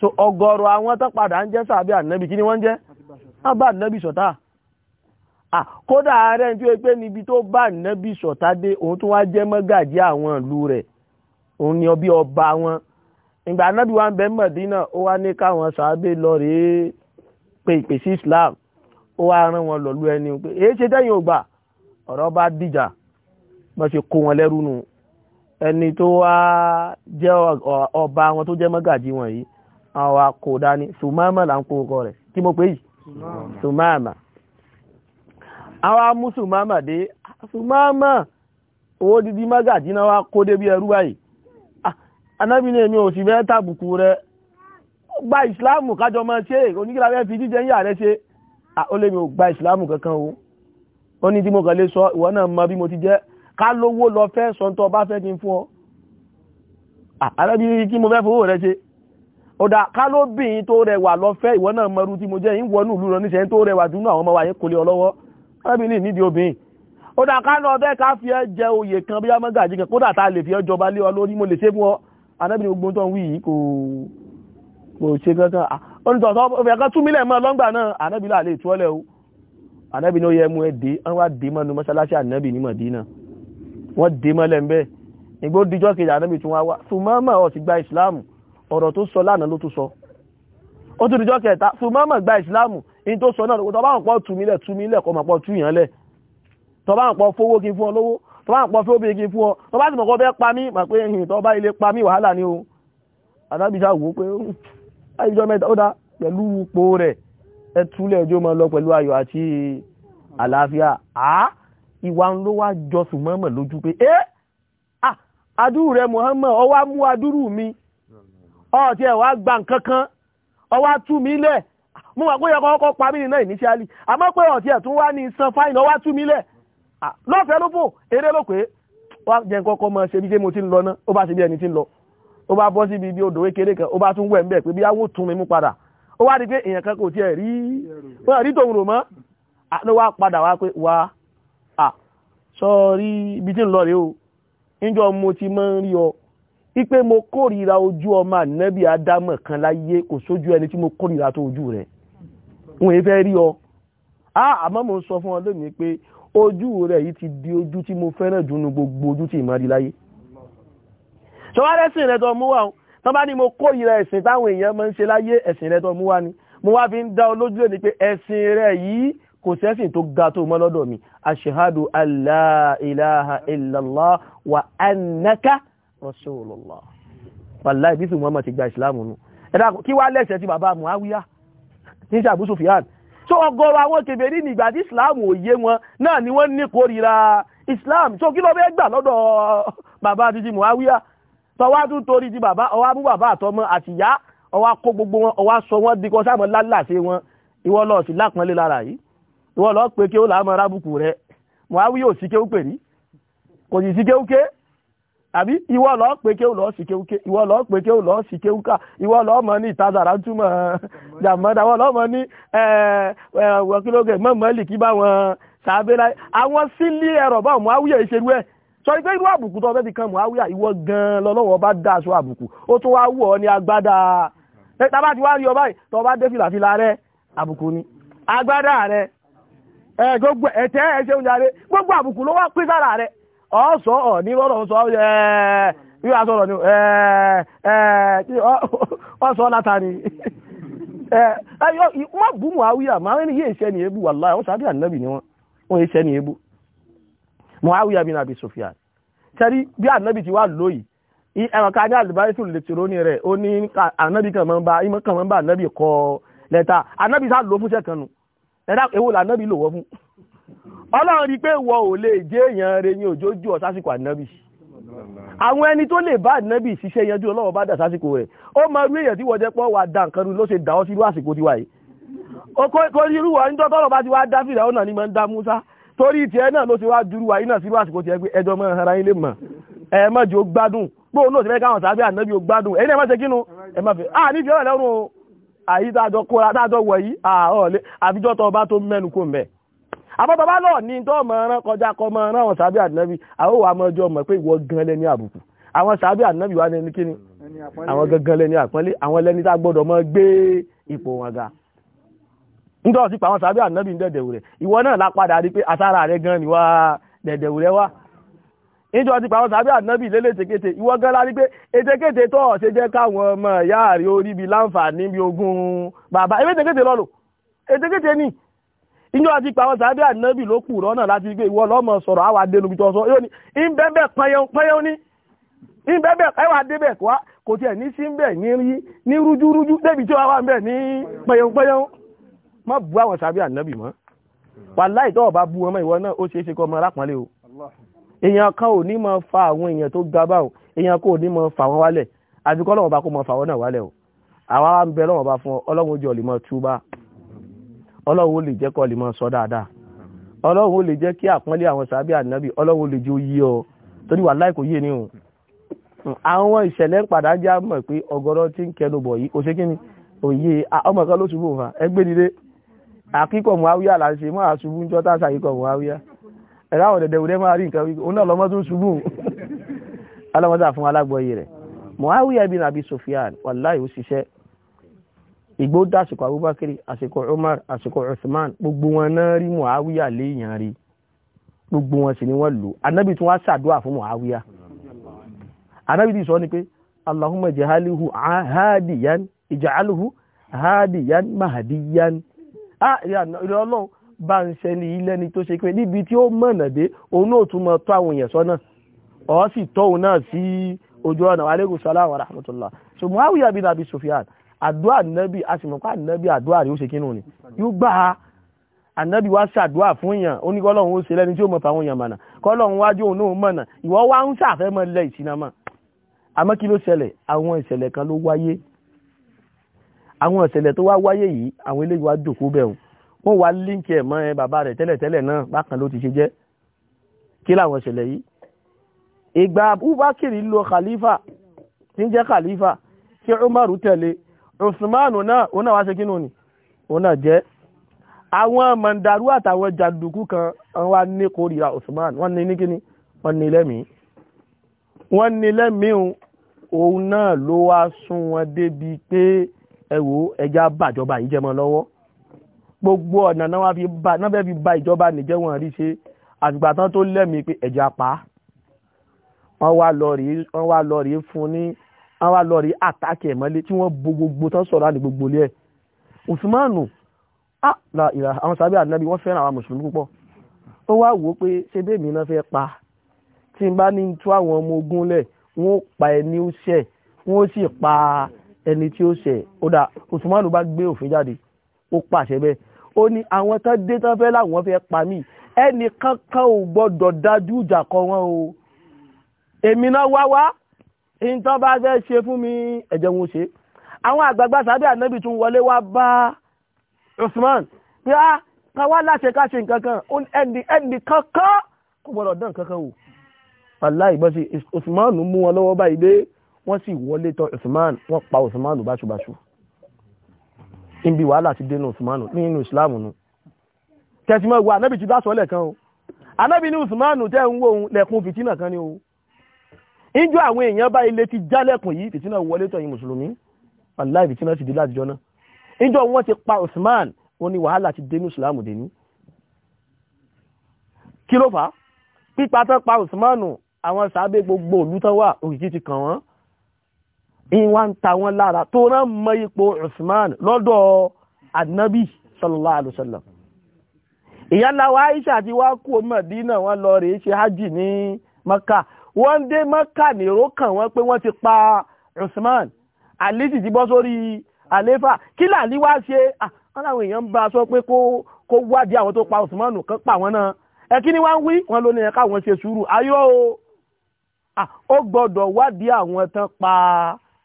so ọ̀gọ̀rọ̀ àwọn tó padà ń jẹ́ sàbí ànábì kí ni wọ́n jẹ́ wọ́n bá ànábì ṣọ̀tá à kódà ààrẹ tí ó pé níbi tó bá ànábì ṣọ̀tá dé òun tó wá jẹ́ mọ́gàjí àwọn ìlú rẹ̀ òun ni ọbí ọba wọn ìgbà ànábì wa ń bẹ Mẹdínà ó wá ní káwọn sàábé lọ rèé pé ìpèsè Islam ó wá rán wọn lọ lú ẹni pé èé ṣe tẹ́yìn ò ọ̀rọ̀ bá dìjà bá ṣe kó wọn lẹ́rú nu ẹni tó wá jẹ́ ọba wọn tó jẹ́ mọ́gàjì wọn yìí àwọn akó dání sùmáàmà là ń kó ọkọ rẹ̀ kí mo pè yìí sùmáàmà àwọn amú sùmáàmà dé sùmáàmà owó dídí mọ́gàjì náà wá kó débi ẹrú báyìí anábì ah, ní èmi ò sì fẹ́ tàbùkù rẹ̀ gba ìsìláàmù kájọ máa ṣe oníkìlá fẹ́ fi jíjẹ yíyà rẹ ṣe ah, ó lè mi ò gba ìsìláàmù kankan o wọ́n ní tí mo kàn lè sọ ìwọ náà mọ bí mo ti jẹ́ ká lówó lọ fẹ́ sọ tó bá fẹ́ kí n fún ọ arábìnrin kí mo fẹ́ fowó rẹ ṣe ọ̀dà ká ló bìnrin tó rẹwà lọ fẹ́ ìwọ náà mọrú tí mo jẹ́ yín wọnú ìlú rẹ níṣẹ́ tó rẹwà dúnú àwọn ọmọ wa yẹn kò lè ọ lọ́wọ́ arábìnrin nídìí obìnrin ọ̀dà ká lọ ànábì ní ó yẹ mú ẹ dé wọ́n wá dé mọ́nu mọ́sálásí ànábì ní Mọ̀dínà wọ́n dé mọ́lẹ̀ ń bẹ́ẹ̀ ìgbó díjọ́ kejì ànábì tún wá wá fùmọ́mọ̀ ó gba Islam! ọ̀rọ̀ tó sọ lánàá ló tún sọ ó tún díjọ́ kẹta fùmọ́mọ̀ gba Islam! in tó sọ náà tó bá ń pọ̀ tú mílẹ̀ tú mílẹ̀ kọ́ pọ̀ tú yàn lẹ̀ bá n fún ọ lówó ẹ túlẹ̀ ẹjọ́ máa lọ pẹ̀lú ayọ̀ àti àlàáfíà à ìwà ń ló wá jọsùn mọ́mọ̀ lójú pé ẹ́ àdúrù rẹ Muhammad ó mú àdúrù mi ọ̀tí ẹ̀ wá gba nǹkan kan ó wá tú mi lẹ̀ mú wà pé ọkọ̀ ọkọ̀ pa mí nínú ìníṣẹ́lì àmọ́ pé ọ̀tí ẹ̀ tún wá ní san fáìn ó wá tú mi lẹ̀ lọ́fẹ̀ẹ́ ló fò eré ló pé wá jẹ́ nǹkan kọ́ mọ́ ṣe bí mo ti ń lọ náà ó bá ṣe bí ẹni ti ń lọ ó bá bọ́ síbi bí odò kékeré kan ó bá tún wẹ̀ ń bẹ̀ pé bí awó tún mi mú padà ó wá rí pé èèyàn kan kò tiẹ̀ rí wọ́n rí tòun rò mọ́ ló wá padà wá pé wá à sọ́ọ́rí ibi tí ń lọ rèé o níjọ mo ti máa ń rí ọ ipe mo kórìíra ojú ọmọ ànábì ádámọ̀ kan láyé kò sójú ẹni tí mo kórìíra tó ojú rẹ̀ wọn èé fẹ́ rí ọ àmọ́ mo ń sọ fún ọ lónìí pé ojú rẹ̀ yìí ti di ojú tí mo fẹ́ràn jù nínú gbogbo ojú tí ìmọ̀ rí láyé sọ wá rẹ́sìn rẹ̀ tó mú wà ó tán bá ní mo kórìíra ẹ̀sìn táwọn èèyàn máa ń ṣe láyé ẹ̀sìn rẹ tó mú wá ni mo wá fi ń dá olójú ẹni pé ẹ̀sìn rẹ yìí kò sẹ́sìn tó ga tó mọ́ lọ́dọ̀ mi aṣèhádù aláìláha ìlàlá wà ánàká rasulullah wàláì bí sùn mọ́mọ́ ti gba ìsìláàmù nù ẹ̀dá muawiya ní sàbú sofiyan tó ọgọ́rọ̀ àwọn kèbèrè nígbà tí ìsìláàmù ò ni wọ́n ní kórìíra ìsìláàmù tó kí ló fẹ́ gbà lọ́dọ̀ muawiya tọwá tún torí ti bàbá ọwá mú bàbá àtọmọ àtìyá ọwá kó gbogbo wọn ọwá sọ wọn di kọ sáàmọ lálàsẹ wọn ìwọ lọ sí lápọnlé lára yìí ìwọ lọ pé kí ó làá mọ rábùkù rẹ mọ̀háwí ò sí kéwú pè ní kò sì sí kéwú ké àbí ìwọ lọ pé kí ó lọ sí kéwú ké ìwọ lọ pé kí ó lọ sí kéwú ká ìwọ lọ mọ ní ìtazàrà túmọ̀ jàmọ́dá ìwọ lọ mọ ní wọ́kílógè mọ́mọ́lì kí bá wọn sàbẹ́lá àwọn sílé ẹ̀rọ̀ báwọn mọ̀háwí ẹ̀ ṣerú ẹ̀ sọ pé irú àbùkù tó fẹ́ fi kan Muawiya ìwọ gan-an lọ́lọ́wọ́ bá dá aṣọ àbùkù ó tún wá wù ọ́ ní agbádá tábà ti wá rí ọ báyìí tó bá dé fìlàfìlà rẹ àbùkù ni agbádá rẹ gbogbo ẹ̀tẹ́ ẹ̀ṣẹ́ oúnjẹ rẹ gbogbo àbùkù ló wá pín sára rẹ ọ̀ọ́sọ ọ̀ ní lọ́rọ̀ sọ bí wàá sọ̀rọ̀ ni ọ̀ sọ láta ni wọ́n bú Muawiya máa ń yé ìṣẹ́ ni ebu wàláhì wọ́n sábẹ́ ànábì ni wọ́n wọ́n ìṣẹ́ ni ebu Muawiya bin Abi Sufyan sẹ́rí bí anabi ti wá lóyìí ẹ̀wọ̀n ká ní àlùbáríṣù lẹ́tìrò ní rẹ̀ ó ní ànábì kan máa ń bá ìmọ̀ kan máa ń bá anabi kọ lẹ́tà ànábì sá lò fún sẹ́kànnù ẹ̀dá èwo là ànábì lò wọ́ fún ọlọ́run rí pé wọ ò lè jẹ́ èèyàn rẹ̀ ní òjòjú ọ̀sásìkò ànábì àwọn ẹni tó lè bá ànábì ṣiṣẹ́ yanjú ọlọ́wọ́ bá dà sásìkò rẹ̀ ó máa rú èèyàn tí wọ́n jẹ́ pọ́ wà dá nǹkan ló ṣe dà sí irú àsìkò tiwa yìí kò irú wọn níjọ́ tọ́lọ̀ torí tiẹ̀ náà ló ti wá dúró wáyé náà sí wàásìkò tiẹ̀ pé ẹjọ́ máa ara yín lè mọ̀ ẹ má jẹ́ ó gbádùn bó o náà ti fẹ́ káwọn sábẹ́ ànábì ó gbádùn ẹ̀yin náà má ṣe kínú ẹ má fẹ́ à ní ìfẹ́ lẹ́rùn o àyí dájọ́ kóra dájọ́ wọ̀ yìí àọ̀lẹ́ àfijọ́ tó bá tó mẹ́nu kò mẹ́ àbọ̀tọ̀ bá lọ ní tó mọ̀ ẹran kọjá kọ mọ̀ ẹran àwọn sábẹ́ ànábì àwọn àmọ́ ọjọ́ mọ̀ pé ìwọ gan lẹ́ni àbùkù àwọn sábẹ́ ànábì wà ní kíni àwọn gangan lẹ́ni àpọ́nlé àwọn lẹ́ni tá gbọ́dọ̀ mọ́ gbé ipò wọn ga ńdọ́ sí pàwọn sàbí ànábì ń dẹ̀dẹ̀wò rẹ̀ ìwọ náà lápadà rí pé àsára rẹ̀ gan ni wá dẹ̀dẹ̀wò rẹ̀ wá ìjọ ti pàwọn sàbí ànábì lélẹ̀ tèkéte ìwọ gan la rí pé ètekéte tó ọ̀ṣẹ́ jẹ́ káwọn ọmọ ìyá rí orí bi láǹfààní bí ogún bàbá ewé tèkéte lọ́lò ètekéte ni ìjọ ti pàwọn sàbí ànábì ló kù rọ́nà láti gbé ìwọ lọ́mọ sọ̀rọ̀ àwà dénú bitọ́ sọ yóò ní ìbẹ́bẹ̀ pẹ́yọ́ ní ìbẹ́bẹ̀ ẹwà débẹ̀ kò tiẹ̀ ní sí ń bẹ̀ ní rújúrújú débi tí wọ́n wà ń bẹ̀ ní pẹ́yọ́ Ma bu àwọn sàbí ànábì mọ́ wàláì tó bá bu ọmọ ìwọ náà ó ṣeéṣe kọ́ ọmọ arápọ̀nlé o èèyàn kan ò ní mọ fa àwọn èèyàn tó ga báwo èèyàn kò ní mọ fa wọn wálẹ̀ àbí kọ́ lọ́wọ́ bá kó mọ fa wọn náà wálẹ̀ o àwa wa ń bẹ lọ́wọ́ bá fún ọ ọlọ́run ojú ọ̀lì mọ túbá ọlọ́run ó lè jẹ́ kọ́ ọ̀lì mọ sọ dáadáa ọlọ́run ó lè jẹ́ kí àpọ́nlé àwọn sàbí ànábì ọlọ́run ó lè jẹ́ ó yé ọ torí ni o àwọn ìṣẹ̀lẹ̀ ń padà já mọ̀ pé ọgọ́rọ́ tí ń kẹnu bọ̀ yìí kò ṣe kí ni òye ọmọ kan ló ṣubú fa ẹgbẹ́ nílé àkíkọ̀ muawiya là ń ṣe máa ṣubú ń jọ tá ṣàkíkọ̀ muawiya ẹ̀rọ àwọn dẹ̀dẹ̀ òde máa rí nǹkan wí òun náà lọ́mọ tó ṣubú alámọ́sá fún alágbọ̀yé rẹ̀ muawiya bin abi sufyan wàláì ó ṣiṣẹ́ ìgbó umar àsìkò usman gbogbo wọn náà rí muawiya léèyàn rí gbogbo wọn sì ni wọ́n lò anábì tí wọ́n ṣàdúrà hadiyan ij'alhu hadiyan mahdiyan ah ìrẹ́ ọlọ́run bá ń ṣe ní ilé ni tó ṣe pé níbi tí ó mọ̀nà dé òun náà tún mọ tó àwọn èèyàn sọ́nà ọ̀ sì tọ́ òun náà sí ojú ọ̀nà alaikum wa rahmatullah so Muawiya bin Abi Sufyan àdúrà nẹ́bì a sì mọ̀ pé ànẹ́bì àdúrà rí ó ṣe kínú ni yóò gbà á ànẹ́bì wá ṣàdúrà fún èèyàn ó ní kọ́lọ́run ó ṣe lẹ́ni tí ó mọ̀ fáwọn èèyàn mọ̀nà kọ́lọ́run wájú àmọ́ kí ló ṣẹlẹ̀ àwọn ìṣẹ̀lẹ̀ kan ló wáyé àwọn ìṣẹ̀lẹ̀ tó wá wáyé yìí àwọn eléyìí wá jòkó bẹ̀rù wọ́n wá líǹkì ẹ̀ mọ́ ẹ eh, bàbá rẹ̀ tẹ́lẹ̀tẹ́lẹ̀ náà bákan ló ti ṣe jẹ́ kí làwọn ìṣẹ̀lẹ̀ yìí ìgbà abubakiri lo khalifa tí ń jẹ́ khalifa tí umaru tẹ̀lé usmanu náà òun náà wá ṣe kínú ni òun náà jẹ́ àwọn mọ̀ndàrú àtàwọn jàǹdùkú kan wọ́n ní kórìíra usman wọ́n ní ní kíní wọ́n ní lẹ́mìí wọ́n ní lẹ́mìí òun náà ló wá sún wọn débi pé ẹ wò ẹja bàjọba yìí jẹ́ mọ́ lọ́wọ́ gbogbo ọ̀nà náà wá fi ba náà fẹ́ fi ba ìjọba nìjẹ́ wọn rí ṣe àgbà tán tó lẹ́mìí pé ẹja pa wọ́n wá lọ rí wọ́n wá lọ rí fún ní wọ́n wá lọ rí àtàkì ẹ̀mọ́lé tí wọ́n bo gbogbo tán sọ̀rọ̀ àní gbogbo ilé ẹ̀ Usmanu ah la ìlà àwọn sábẹ́ ànábi wọ́n fẹ́ràn àwọn mùsùlùmí púpọ̀ ó wá wò ó pé ṣé bẹ́ẹ̀mí náà fẹ́ pa tí n bá ní tú àwọn ọmọ ogun lẹ̀ wọ́n pa ẹni ó ṣẹ̀ wọ́n sì pa ẹni tí ó ṣẹ̀ ó dà Usmanu bá gbé òfin jáde ó pàṣẹ bẹ́ẹ̀ ó ní àwọn tán dé tán fẹ́ láwọn fẹ́ pa mí ẹnì kankan ò gbọ́dọ̀ dájú ìjà kọ wọn o èmi náà wá wá ìtàn bá fẹ́ ṣe fún mi ẹ̀jẹ̀ wọn ṣe àwọn àgbààgbà sábẹ́ ànábì tún wọlé wá bá Usman pé á ah, ká wá láṣẹ ká ṣe nǹkan kan ẹnì ẹnì kankan kò gbọ́dọ̀ dán nǹkan kan wò wàláì bọ́ Usman mú wọn lọ́wọ́ báyìí dé wọ́n sì wọlé tọ̀ Usman wọ́n pa Usman báṣubàṣu níbi wàhálà ti dénú Usman nínú Islam nu tẹ̀símọ́ ìwà anábì ti bá sọ lẹ́ẹ̀kan o anábì ní Usman tẹ́ ń wò lẹ́kùn fìtínà kan ni o ìjọ àwọn èèyàn bá ilé ti jálẹ̀kùn yìí fìtínà wọlé tọ̀ yìí mùsùlùmí aláì fìtínà ti dé látijọ́ náà ìjọ wọ́n ti pa Usman wọ́n ní wàhálà ti dénú Islam dénú kí ìwà ń ta wọn lára tó rán mọ́ ipò Usman lọ́dọ̀ annabi sallallahu alaihi wasallam ìyáláwà Aisha àti wá kú Mádínà wọn lọ rèé ṣe hajj ní Maka wọ́n dé Maka nìró kàn wọ́n pé wọ́n ti pa Usman Ali sì ti bọ́ sórí àléfà kí làlí wá ṣe àwọn èèyàn bá sọ pé kó wádìí àwọn tó pa Usman kan pa wọn náà ẹ kí ni wá wí wọn ló ní ẹ káwọn ṣe sùúrù ayọ̀ o ó gbọ́dọ̀ wádìí àwọn tán pa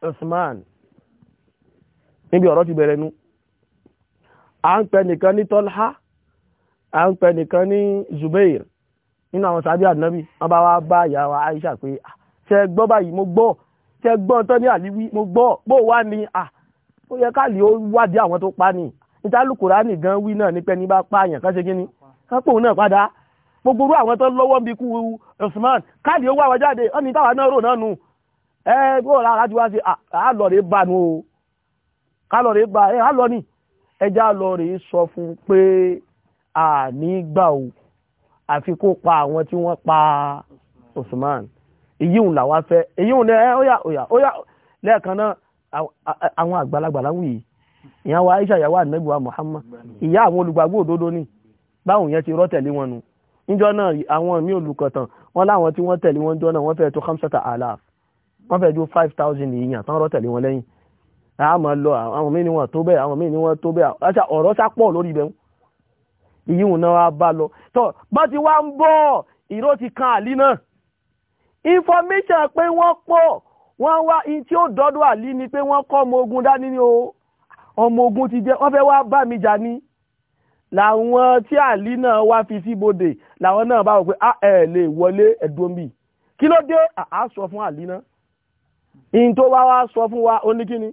Usman níbi ọ̀rọ̀ ti bẹ̀rẹ̀ nu à ń pẹ nìkan ní Tọ́lá à ń pẹ nìkan ní Zubair nínú àwọn sàbí ànábì wọn bá wá bá ìyá wa Aisha pé ṣe gbọ́ báyìí mo gbọ́ ṣe gbọ́ tán ní àlíwí mo gbọ́ bó wá ní ó yẹ káàlì ó wádìí àwọn tó pa ni ìtàlùkùrá nìgan wí náà ní pẹ́ ní bá pààyàn kan ṣe kí ni kápò náà padà gbogbo àwọn tó lọ́wọ́ bí kú Usman káàlì ó wá wa jáde ọ́ ní táwa náà rò náà nù ẹgbọ́n aláti wá sí àlọ́rẹ̀ bá nù o kálọ̀rẹ̀ bá ẹ àlọ́ ní ẹjá lọ́rẹ̀ sọ fún pé à nígbà o àfi kó pa àwọn tí wọ́n pa Usman èyíhùn làwa fẹ́ èyíhùn ní ẹ óyà óyà Muhammad ìyá àwọn olùgbàgbọ́ òdodo ni báwọn yẹn ti rọ́ tẹ̀lé wọn nu níjọ́ náà àwọn mí olùkọ̀tàn wọn alaf wọ́n fẹ́ ju five thousand èèyàn tán rọ́ tẹ̀lé wọn lẹ́yìn àmọ́ lọ àwọn míì ni wọ́n tó bẹ́ẹ̀ àwọn míì ni wọ́n tó bẹ́ẹ̀ àṣà ọ̀rọ̀ sá pọ̀ lórí ibẹ̀ ìyí wọn náà bá lọ tọ́ bá ti wá ń bọ̀ ìró ti kan àlí náà information pé wọ́n pọ̀ wọ́n wá in tí ó dọ́dọ̀ àlí ni pé wọ́n kọ́ ọmọ ogun dání ni o ọmọ ogun ti jẹ́ wọ́n fẹ́ wá bá mi jà ní làwọn tí àlí náà wá fi síbodè làwọn náà bá wò pé ah, ẹ lè wọlé ẹ̀dùn kí ló dé àá fún àlí náà in tó wá wá sọ fún wa oníkíní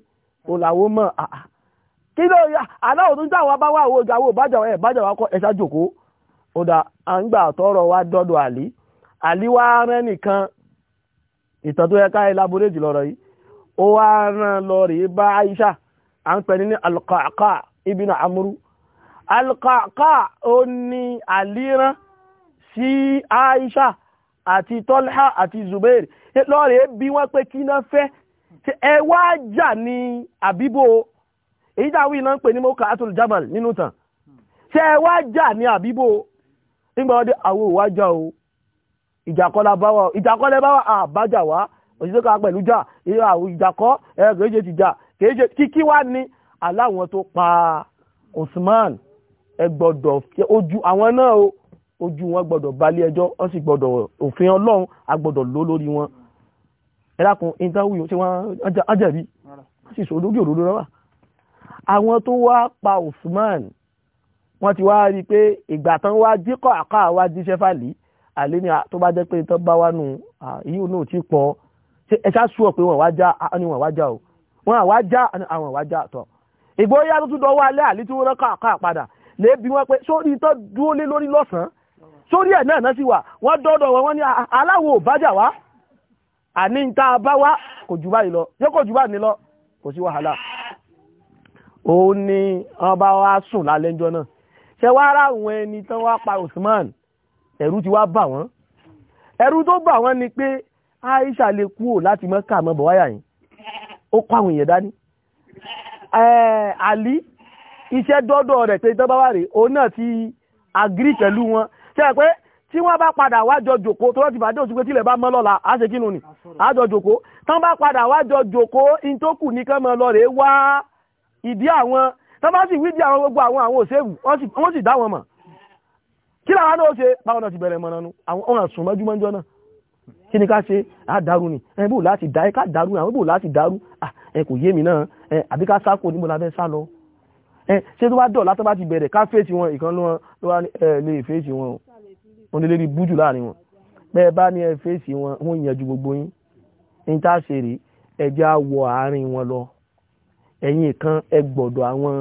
òlàwó mọ̀ àà ah, ah. kí ló yá aláwọ̀ tó ń jáwọ́ bá wà owó ìgbàwó bájàwọ́ ẹ̀ bájàwọ́ akọ ẹ̀ṣá jòkó ó dà à ń gbà tọrọ wá dọ́dọ̀ àlí àlí wá rán nìkan ìtàn tó yẹ ká elaborate jù lọ́rọ̀ yìí ó wá rán lọ rèé bá Aisha à ń pè ní alqaqa ibina amuru alqaqa ó ní àlíran sí Aisha àti Tolha àti Zubair lọ́ọ̀rẹ́ bí wọ́n pé kí iná fẹ́ ẹ wá jà ní àbíbò èyí dàwí iná ń pè ní mọ́kà àtúlù jamal nínú tàn ṣe ẹ wá jà ní àbíbò nígbà wọn dé àwọn òwá jà o ìjàkọ́lẹ̀ báwa àbájà wá òṣìṣẹ́ kan pẹ̀lú jà ìjàkọ́ ẹ̀ẹ́dẹ̀ẹ́dẹ́ ti jà kíkí wá ní aláwọn tó pa Usman ẹ gbọ́dọ̀ ojú àwọn náà o ojú wọn gbọ́dọ̀ balẹ̀ ẹjọ́ wọ́n sì gbọ́dọ̀ òfin Ọlọ́run a gbọ́dọ̀ lò lórí wọn ẹ̀lákun ìdáwùyò tí wọ́n ajẹ́bí sí ìṣòro lórí òdòdó rọ́wà àwọn tó wá pa Usman wọ́n ti wá rí pé ìgbà tán wá jíkọ̀ àkọ́ àwá jíṣẹ́ fàlì àlé ní tó bá jẹ́ pé tán bá wá nù yíò náà ti pọ̀ ẹ̀ṣá sú ọ̀ pé wọ́n wá já ni wọ́n wá já o wọ́n wá já àwọn wá já tọ̀ ìgbóyá tó tún dọwọ́ alẹ́ àlé tí wọ́n rọ́kọ̀ àkọ́ àpadà lè bí wọ́n pé sórí tán dúró lé lórí lọ́sàn-án sórí ẹ̀ náà náà sì wà wọ́n dọ́dọ̀ wọn wọ́n ní bájà wá àní tá a bá wá kò jù báyìí lọ yóò kò jù báyìí lọ kò sí wàhálà òun ni wọn bá wá sùn lálẹ́ náà ṣe wá ara àwọn ẹni tán wá pa Usman ẹ̀rù ti wá bà wọ́n ẹ̀rù tó bà wọ́n ni pé Aisha lè kúrò láti mọ́ ká mọ́ bọ̀wáyà yìí ó kọ́ àwọn èèyàn dání àlí iṣẹ́ dọ́dọ̀ rẹ̀ pé tán bá wà rè òun náà ti agírí pẹ̀lú wọn ṣe pé tí wọ́n bá padà wájọ jòkó tó wọ́n ti bàjẹ́ òṣùpé tílẹ̀ bá mọ́ lọ́la á ṣe kínú ni àjọ jòkó tán bá padà wájọ jòkó in tó kù ní kánmọ́ lọ rèé wá ìdí àwọn tán bá sì wídí àwọn gbogbo àwọn àwọn òṣèlú wọ́n sì dá wọn mọ̀ kí làwọn náà ṣe báwọn náà ti bẹ̀rẹ̀ mọ́nà nu àwọn ọ̀ràn sùn mọ́jú mọ́jọ́ náà kí ni ká ṣe ni ẹ bò láti dá ẹ ká la fẹ́ sá lọ ẹ ṣé tó bá dọ̀ látọ́ bá ti wọ́n lè rí bújù láàrin wọn bẹ́ẹ̀ bá ní ẹ fèsì wọn wọ́n yanjú gbogbo yín ní tá a ẹjẹ́ á àárín wọn lọ ẹ̀yin kan ẹ gbọ̀dọ̀ àwọn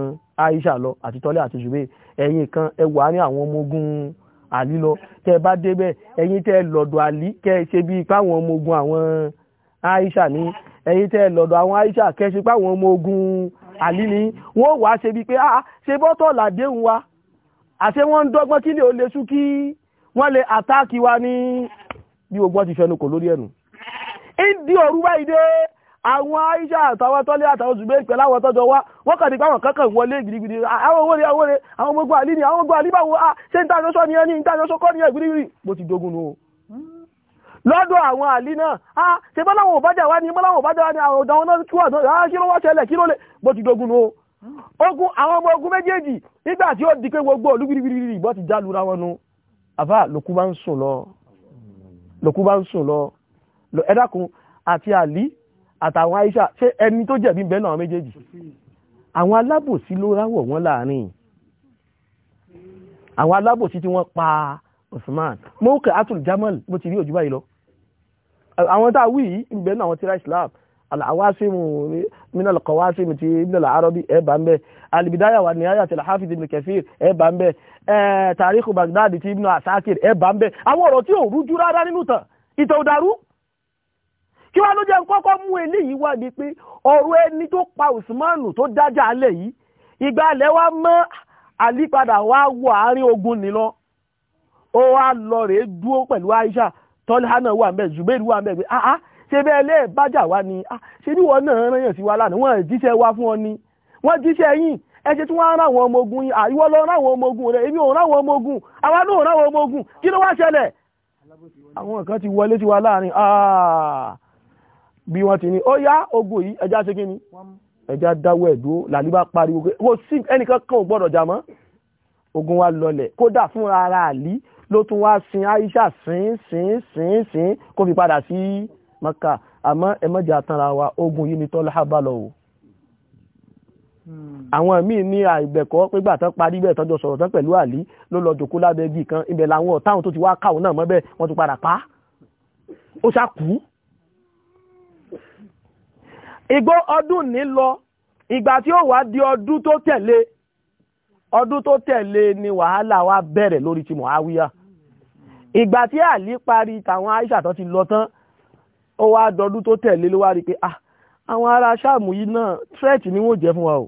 Aisha lọ àti tọ́lẹ̀ àti ṣùgbẹ́ ẹ̀yin kan ẹ wà ní àwọn ọmọ ogun àlí lọ tẹ bá débẹ̀ ẹ̀yin tẹ lọ́dọ̀ àlí kẹ ṣe bíi pé àwọn ọmọ ogun àwọn Aisha ní ẹ̀yin tẹ lọ́dọ̀ àwọn Aisha kẹ ṣe pé àwọn ọmọ ogun àlí ní wọ́n wàá ṣe bíi pé ah, ah, ṣe bọ́tọ̀ làdéhùn wa àṣẹ wọ́n ń dọ́gbọ́n kí lè ó le sú kí wọ́n lè àtáàkì wa ní bí ogbọ́n ti fẹnu kò lórí ẹnu ìdí òru báyìí àwọn aisha àtàwọn tọ́lé àtàwọn zùgbé ìpẹ́ láwọn tọ́jọ wá wọ́n kàdí pàwọn kankan wọlé gidigidi àwọn owó rẹ̀ àwọn rẹ̀ àwọn gbogbo àlí ni àwọn gbogbo àlí báwo ni ẹni ìtàjọṣọ́ kọ́ ni ẹ̀gbìrìrì bó ti dogun nù lọ́dọ̀ àwọn àlí náà a ṣe bá láwọn òbájà wá ní bá láwọn òbájà wá ní àwọn ọ̀dọ̀ náà kí wọ́n náà kí ló wá ṣẹlẹ̀ kí ló lè bó ti dogun nù ogun àwọn ọmọ ogun méjèèjì nígbà ó di gbogbo olúgbìrìbìrì bó ti já lura wọn nù àfà lòkú bá ń sùn lọ lòkú bá ń sùn lọ ẹ dákun àti àlí àtàwọn aisha ṣé ẹni tó jẹ̀bi bẹ́ẹ̀ náà méjèèjì àwọn alábòsí ló ráwọ̀ wọ́n láàrin àwọn alábòsí tí wọ́n pa Usman mọ́kẹ́ atul jamal bó ti rí òjú báyìí lọ àwọn tá a náà wọ́n ti ra Islam العواسم من القواسم تي ابن العربي ايه بامبه البداية والنهاية الحافظ ابن كثير ايه بامبه ايه تاريخ بغداد تي ابن عساكر ايه بامبه àwọn ọ̀rọ̀ tí ó rújú rárá nínú tàn ìtàn òdàrú kí wá ló jẹ́ kọ́kọ́ mú eléyìí wá ní pé ọ̀rọ̀ ẹni tó pa Usmanu tó dájà alẹ̀ yìí ìgbà alẹ̀ wá mọ́ àlípadà wá wọ àárín ogun nílọ ó wá lọ rèé dúó pẹ̀lú Aisha tọ́lá náà wà ń Zubairu wà ń bẹ̀ ah ah ṣe bẹ́ẹ̀ lẹ́ẹ̀ bájà wá ni ah, ṣe bí wọn náà rán yàn sí wa lánàá wọn jíṣẹ́ wa fún ọ ni wọ́n jíṣẹ́ yín ẹ ṣe tí wọ́n rán àwọn ọmọ ogun yín àìwọ́ ah, lọ rán àwọn ọmọ ogun rẹ̀ èmi ò rán àwọn ọmọ ogun àwa náà rán àwọn ọmọ ogun kí ló wá ṣẹlẹ̀ àwọn kan ti wọlé sí wa láàrin ah, bí wọ́n ti ní ó yá ogun yìí ẹja ṣe kí ni ẹja dáwọ́ ẹ̀dúró làlíbá pariwo pé kò sí ẹnìkan kan ò gbọ́dọ̀ jà mọ́ ogun wa lọlẹ̀ kódà fún ara àlí ló tún wá sin Aisha sín sín sín sín kó fi padà sí maka àmọ́ ẹmọ́jà tanra wa ogun yìí ni tọ́lá bá lọ o hmm. àwọn míì ní àìgbẹ̀kọ́ pé gbà tán parí bẹ́ẹ̀ tọ́jọ sọ̀rọ̀ tán pẹ̀lú àlí ló lọ jòkó lábẹ́ igi kan ibẹ̀ làwọn ọ̀táwọn tó ti wá káwọn náà mọ́ wọ́n ti padà pa ó ṣàkú igbó ọdún ní lọ ìgbà tí ó wá di ọdún tó tẹ̀lé ọdún tó tẹ̀lé ni wàhálà wa bẹ̀rẹ̀ lórí ti Muawiya ìgbà tí àlí parí tàwọn Aisha tó ti lọ tán ó wá dọdún tó tẹ̀lé ló wá rí i pé ah àwọn ará sáàmù yìí náà threat ni wọ́n jẹ́ fún wa o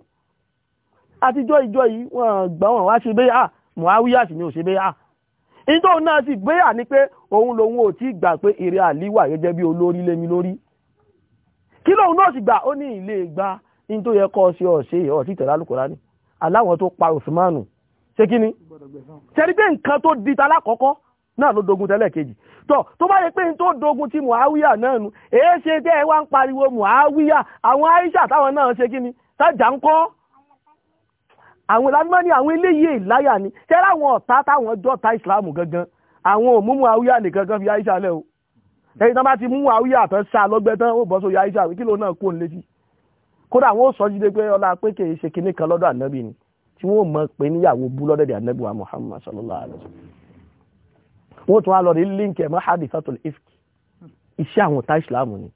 àtijọ́ ìjọ yìí wọ́n gbà wọ́n wá ṣe bẹ́ẹ̀ ah Muawiya sì ni ò ṣe bẹ́ẹ̀ ah ìjọ náà sì gbé à ní pé òun lòun ò tí gbà pé eré àlíwà gẹ́gẹ́ bí olórí lémi lórí kí lóun náà sì gbà ó ní ilé ìgbà ní tó kọ́ ṣe ọ̀ṣẹ́ ọ̀tí tẹ̀lá lùkọ́lá ni aláwọn tó pa Usmanu ṣé kí ni ṣe ni pé nǹkan tó di ta lákọ̀ọ́kọ́ náà ló dogun tẹ́lẹ̀ kejì tọ́ tó bá yẹ pé n tó dogun ti muawiya náà nu èé ṣe tẹ́ ẹ wá ń pariwo muawiya àwọn aisha táwọn náà ṣe kí ni tájà ń kọ́ àwọn ìlànà ní àwọn eléyìí ìláyà ni tẹ́lá àwọn ọ̀tá táwọn jọ́ta ìsìláàmù gangan àwọn òmú muawiya nìkan kan fi aisha lẹ́ o ẹni tán bá ti mú muawiya tán sá lọ́gbẹ́ tán ó bọ́ sórí aisha kí ló náà kó ń létí kódà àwọn ó sọ jíde pé ọlá pé kì ṣe kinní kan lọ́dọ̀ ànábì tí wọ́n mọ̀ pé níyàwó bú lọ́dọ̀ ànábì wa muhammad sallallahu alaihi wa sallam wọ́n tún á lọ rí líǹkì ẹ̀mọ́ hadithatul ifk iṣẹ́ àwọn ọ̀tá ìsìláàmù ni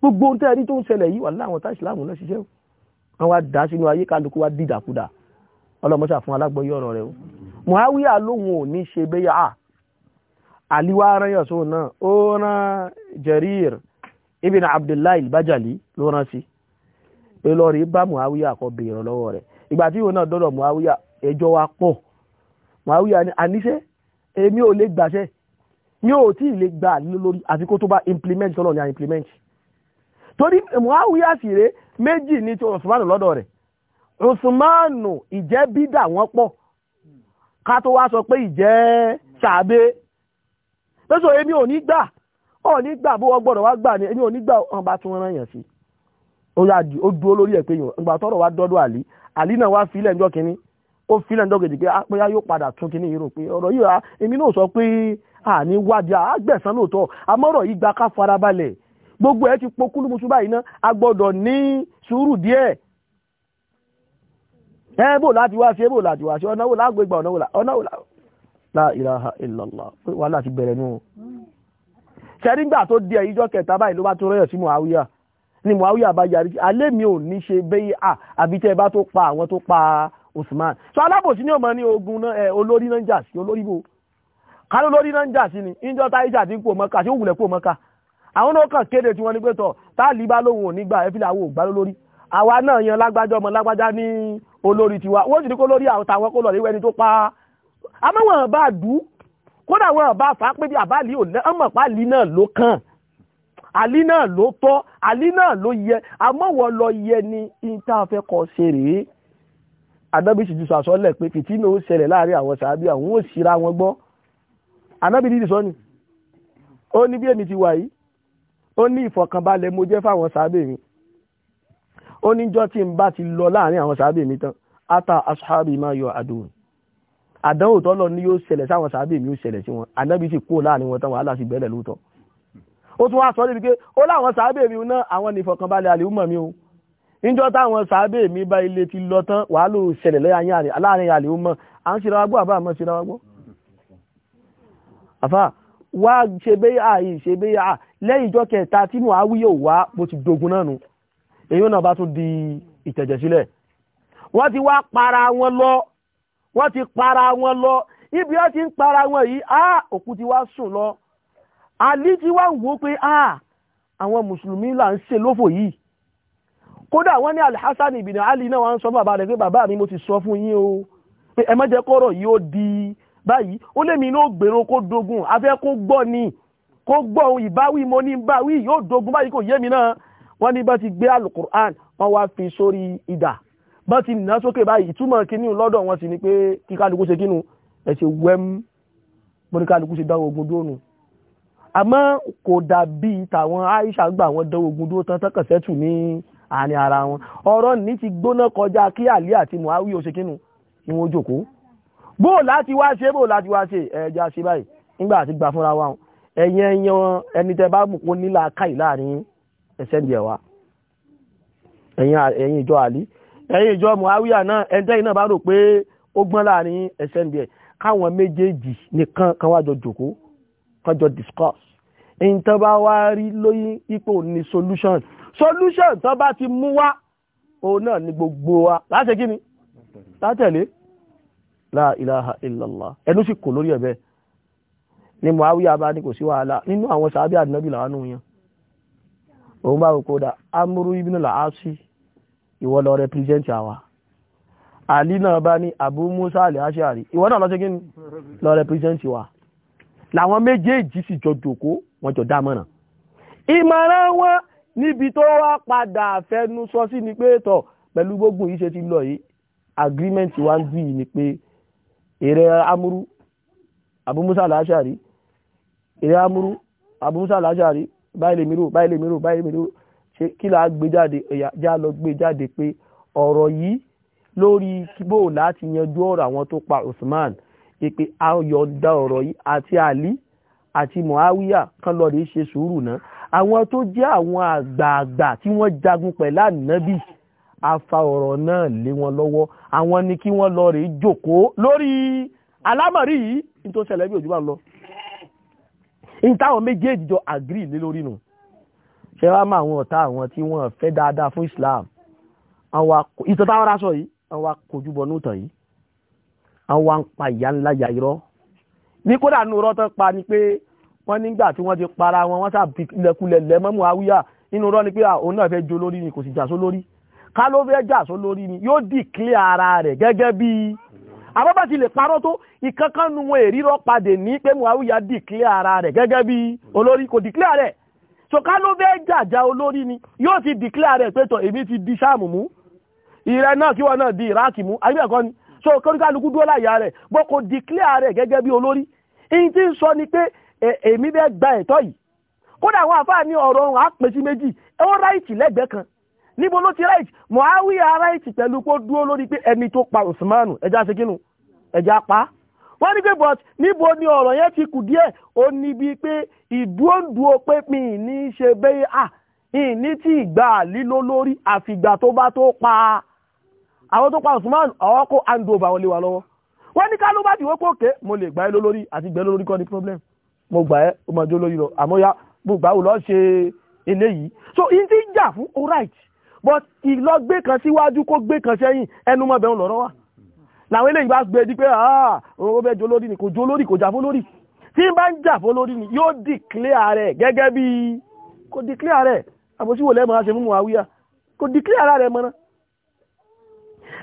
gbogbo ohun tẹ́ẹ̀rí tó ń ṣẹlẹ̀ yìí wà láwọn ọ̀tá ìsìláàmù náà ṣiṣẹ́ wọn wá dá sínú ayé kálukú wá dídàkudà ọlọ́mọṣà fún alágbọ́yé ọ̀rọ̀ rẹ̀ o muhawiya lóhun ò ní ṣe bẹ́yà á àlíwá aráyàn sóhun náà ó rán jarir ibn abdullahi bajali ló rán sí pé lọ rí bá muhawiya kọ béèrè lọ́wọ́ rẹ̀ ìgbà tí ìwọ náà dọ́dọ̀ muhawiya ẹjọ́ wa pọ̀ muhawiya ní àníṣe èmi ò lè gbàṣẹ mi ò tí ì lè gbà lórí àfi kó tó bá implement tọ́lọ̀ ní à implement torí muawiya sì rè méjì ní ti osmanu lọ́dọ̀ rẹ̀ osmanu ìjẹ́ bídà wọ́n pọ̀ ká tó wá sọ pé ìjẹ́ sàbẹ lọ́sọ̀ èmi ò ní gbà ọ̀ ní gbà bó wọ́n gbọ́dọ̀ wá gbà ní èmi ò ní gbà ọ̀n bá tún rán yàn sí ó dúró lórí ẹ̀ pé yàn ìgbà tọ́rọ̀ wá dọ́dọ̀ àlí àlí náà wá fi ilẹ̀ ńjọ́ ó filẹ̀ ńdọ́ gèdè pé apẹ́yà ah, yóò padà tún kíní yìí rò pé ọ̀rọ̀ yìí ah, èmi náà sọ pé àní ah, wádìí àgbẹ̀sán lóòótọ́ àmọ́ ọ̀rọ̀ yìí gba ká farabalẹ̀ gbogbo ẹ̀ ti pokúlù musu báyìí náà a gbọ́dọ̀ ní sùúrù díẹ̀ ẹ bò láti wá sí ẹ bò láti wá sí ọ̀nà wò lágbègbè ọ̀nà wò ọ̀nà wò la ilaha illallah pé wàhálà ti bẹ̀rẹ̀ nù. sẹ́rígbà tó di ẹ̀ ìjọ kẹta báyìí ló bá tó rẹ́yọ̀ sí muawiya ni muawiya bá yarí alẹ́ mi ò ní ṣe bẹ́yì à àbí tẹ́ ẹ bá tó pa àwọn tó pa á Usman so alábòsí ni ó mọ ní ogun eh, olórí náà ń jà sí olórí bò káló lórí náà ń jà sí ni ìjọ táyíjà ti ń pò mọ́ka sí òwúlẹ̀ pò mọ́ka àwọn náà kàn kéde tí wọ́n ní pé tọ̀ táàlì bá lóhùn ò ní gbà ẹ́fílẹ̀ ògbà lórí àwa náà yan lágbájá ọmọ lágbájá ní olórí tiwa wọ́n sì ní kó lórí àwọn kó lọ rí wẹni tó pa àmọ́ wọn bá dùn kódà wọn bá fà á pé bí àbálí ò lẹ́ ọmọ pa àlí náà ló kàn àlí náà ló tọ́ àlí náà ló yẹ àmọ́ lọ yẹ ni ìta fẹ́ kọ́ ṣe rèé anábì sì ti sọ àsọlẹ̀ pé fìtínà ó ṣẹlẹ̀ láàrin àwọn sàábì àwọn ó ṣíra wọn gbọ́ anábì dídì sọ ni ó ní bí èmi ti wà yìí ó ní ìfọ̀kànbalẹ̀ mo jẹ́ fáwọn sàábì mi ó ní jọ́ tí n bá ti lọ láàrin àwọn sàábì mi tán ata ashabi ma yọ àdùn àdánwò tọ́lọ ni yóò ṣẹlẹ̀ sáwọn sàábì mi ó ṣẹlẹ̀ sí wọn anábì sì kúrò láàrin wọn tán wàhálà sì bẹ́lẹ̀ lóòótọ́ ó tún wá sọ níbi pé ó láwọn sàábì mi náà àwọn nìfọ̀kànbalẹ̀ àlè níjọ́ táwọn sàábẹ̀ mi bá ilé ti lọ tán wàá ló ṣẹlẹ̀ lẹ́yìn aláàrin àlè ó mọ́ à ń ṣe ra wagbọ́ àbá àmọ́ ṣe ra wagbọ́ àfà wá ṣe béyà yìí ṣe béyà lẹ́yìn ìjọ kẹta tí mo á wíyọ̀ wá ti dogun náà nu èyí náà bá tún di ìtẹ̀jẹ̀ sílẹ̀ wọ́n ti wá para wọn lọ wọ́n ti para wọn lọ ibi wọ́n ti ń para wọn yìí àwọn mùsùlùmí là ń ṣe lófò yìí kódà wọ́n ní alhassan ibn ali náà wọ́n sọ fún bàbá rẹ̀ pé bàbá mi mo ti sọ fún yín o pé ẹ má jẹ́ kọ́rọ̀ yìí ó di báyìí ó lèmi náà gbèrò kó dogun afẹ́ kó gbọ́ ni kó gbọ́ ohun ìbáwí mo ní báwí yóò dogun báyìí kò yé mi náà wọ́n ní bá ti gbé alukur'an wọ́n wá fi sórí idà bá ti nà sókè báyìí ìtumọ̀ kínní lọ́dọ̀ wọn sì ni pé kíkálukú ṣe kínú ẹ̀ ṣe wẹ́m mọ́níkálukú ṣe dáwọ́ ogun dóònù àmọ́ kò dàbí tàwọn Aisha gbà wọ́n dáwọ́ ogun dóò tán tán kàn sẹ́tù ní àárín ara wọn ọ̀rọ̀ ní ti gbóná kọjá kí àlí àti muhawi ó ṣe kínú ìwọ̀n òjòkó bó láti wá ṣe bó láti wá ṣe ẹja ṣe báyìí nígbà àti gbà fúnra wa ẹ̀yìn ẹ̀yàn ẹni tẹ bá mùkún nílà káì láàrin ẹsẹ̀ díẹ̀ wa ẹ̀yìn ìjọ àlí ẹ̀yìn ìjọ muhawiya náà ẹ̀ńtẹ́ yìí náà bá rò pé ó gbọ́n láàrin ẹsẹ̀ díẹ̀ káwọn méjèèjì nìkan kan wájọ jòkó kan jọ discuss ìyìn tán bá wá rí lóyún ipò ní solution solution tó bá ti mú wá òun náà ni gbogbo wa láti kí ni látẹ̀lé la ilaha illallah ẹnu sì kò lórí ẹ̀bẹ̀ ni Muawiya bá ní kò sí wàhálà nínú àwọn sàábí àdínábì làánú yẹn òun bá wò kódà amúrú ibn al-Asi ìwọ lọ represent àwa àlí náà bá ní Abu Musa al-Ash'ari ìwọ náà lọ ni lọ represent wa làwọn méjèèjì sì jọ jòkó wọn jọ dámọ̀ràn ìmọ̀ràn wọn níbi tó wá padà fẹnu sọ sí ni pé tọ̀ pẹ̀lú gbogbo yìí ṣe ti lọ yìí agreement wa ń bí ni pé èrè amúrú abúmúsà làásàrí èrè amúrú abúmúsà làásàrí báyìí lè mírò báyìí lè mírò báyìí lè mírò ṣe kí là á gbé jáde ẹ̀yà já lọ gbé jáde pé ọ̀rọ̀ yìí lórí bó láti yanjú ọ̀rọ̀ àwọn tó pa Usman pé a da ọ̀rọ̀ yìí àti Ali àti Muawiya kan lọ́ọ́ rí ṣe sùúrù náà àwọn tó jẹ́ àwọn àgbààgbà tí wọ́n jagun pẹ̀lú ànábì afa ọ̀rọ̀ náà lé wọn lọ́wọ́ àwọn ni kí wọ́n lọ rèé jókòó lórí alámọ̀rí yìí nítorí ṣẹlẹ̀ bí òjúbà lọ ní táwọn méjèèjì jọ àgírí lé lórí nù ṣe wá mọ àwọn ọ̀tá àwọn tí wọ́n fẹ́ dáadáa fún Islam ìtàn táwọn aráṣọ yìí àwọn akójú bọ̀ nútàn yìí àwọn ń pa ìyá ńlá yà ní kódà nù rọ́tọ́ pa ni pé wọ́n nígbà tí wọ́n ti para wọn wọ́n sàbí ilẹ̀kulẹ̀ lẹ́mọ́mù awíyá inú rọ́ ni pé ah, òun náà fẹ́ jo lórí ni kò sì jà só lórí ká ló fẹ́ jà só lórí ni yóò dìklé ara rẹ̀ gẹ́gẹ́ bí àbábá ti lè parọ́ tó ìkankan nu wọn èrírọ́ padè ní pé muawiya dìklé ara rẹ̀ gẹ́gẹ́ bí olórí kò dìklé rẹ̀ so ká ló fẹ́ jàjà olórí ni yóò ti dìklé rẹ̀ pé tọ̀ èmi ti di sáàmù mú ìrẹ náà kí wọn náà di iraki mú àyíbẹ̀ kọ́ ni so kọ́ńtà lukú dúró láyà rẹ̀ bọ́ kò dìklé rẹ̀ gẹ́gẹ́ èmi bẹ́ẹ̀ gba ẹ̀tọ́ yìí kódà àwọn àfáà ní ọ̀rọ̀ ọ̀hún àpèsí méjì ó ráìtì lẹ́gbẹ̀ẹ́ kan níbo ló ti ráìtì Muawiya ráìtì pẹ̀lú kó dúró lórí pé ẹni tó pa Usmanu ẹja ṣe kínú ẹja pa á wọ́n ní pé but níbo ni ọ̀rọ̀ yẹn ti kù díẹ̀ ó níbi pé ìdúóǹdúó pé mi ní ṣe bẹ́ẹ̀ à ní tí ìgbà líló lórí àfìgbà tó bá tó pa àwọn tó pa Usman ọwọ́ kó hand over wọn lé wa lọ́wọ́ wọ́n ní kálú bá ti wọ́pọ̀ òkè mo lè gbà ẹ́ lólórí àti gbẹ́ lólórí kọ́ ni problem mo gbà ẹ́ ó máa jó lórí lọ àmọ́ ya mo gbà ó lọ ṣe eléyìí so in ti jà fún all right but ìlọ gbé kan síwájú kó gbé kan sẹ́yìn ẹnu mọ́ bẹ́ẹ̀ ń lọ́rọ́ wà làwọn eléyìí bá gbé di pé ah, ó bẹ́ẹ̀ jó lórí ni kò jó lórí kò jà fún lórí tí n bá ń jà fún lórí ni yóò declare rẹ̀ gẹ́gẹ́ bí kò declare rẹ̀ àbòsíwò lẹ́mọ̀ á ṣe mú Muawiya kò declare rẹ̀ mọ́ná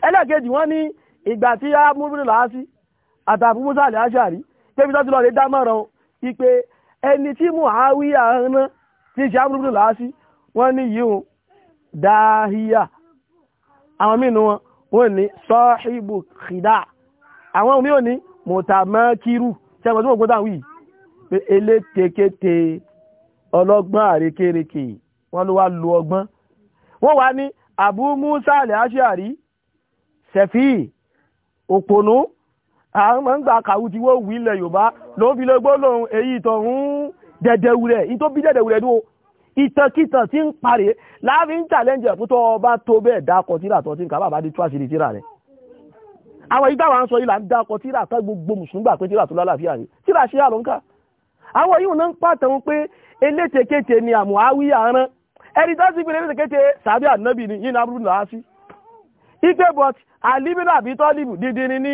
ẹlẹ́ẹ̀kejì wọ́n ní ìgbà tí amúrúnlá sí àtàbùmúsàlẹ̀ àṣàrí tẹ́bí tó ti lọ lè dámọ̀ràn Ipe ẹni tí Muawiya rán tí ṣe amúrúbúrú làásí wọ́n ní yíò dáhíyà àwọn mínú wọn wọ́n ní sọ́ọ̀ṣìbù kìdá àwọn mí ò ní mùtàmọ́kírù ṣẹ́gbọ́n tí mo gbọ́dá wí pé elétekete ọlọ́gbọ́n àrékèrèkè Abu Musa ashari sẹ̀fí òpònú àwọn ọmọ ń gbà kàwù tí wọ́n wù ilẹ̀ yorùbá ló ń fi lọ́gbọ́ lòun èyí ìtọ̀hún dẹ̀dẹ̀wùrẹ̀ ní tó bí dẹ̀dẹ̀wùrẹ̀ dúró ìtànkìtàn tí ń parẹ́ láàfin challenge fún tó ọba tó bẹ́ẹ̀ dákọ̀ tíra tó ti ń kà bàbá dé tú àṣírí tíra rẹ̀ àwọn ìgbà wa ń sọ ìlà ń dákọ̀ tíra tó gbogbo mùsùlùmí gbà pé tíra tó lálàáfíà rẹ̀ tíra ṣe àlọ́nkà àwọn yìí náà ń pàtàkùn pé elétekéte ni àmúháwíyà rán ẹni tó sì fi elétekéte sàbí ànábì ni yìí náà búrú làásí ipe but àlíbínà àbí tọ́líbù dídí ni ní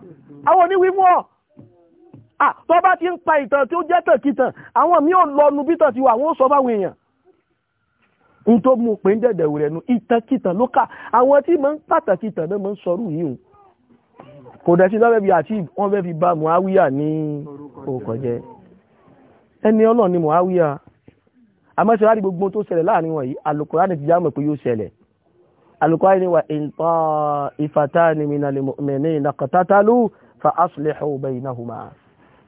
àwọn oníwíwọ́ tó bá ti ń pa ìtàn tí ó jẹ́ tàkìtàn àwọn mi ò lọnu bí tàn ti wà wọ́n sọ fáwọn èèyàn ní tó mú pé ń dẹ̀dẹ̀ rẹ̀ nu ìtàkìtàn ló kà àwọn tí máa ń pàtàkì tàn náà máa ń sọrú yìí kò dẹ̀ sí lọ́wọ́ bí àti wọ́n fẹ́ fi ba Muawiya ní orúkọ jẹ́ ẹni ọlọ́ọ̀ ni Muawiya àmọ́ ṣe wá rí gbogbo tó ṣẹlẹ̀ láàrin wọ̀nyí Al-Qur'an ti já mọ̀ pé yóò ṣẹlẹ̀ alukọ́ni wa ìntọ́ ìfàtàní minal mu'minina iqtatalu fa aslihu baynahuma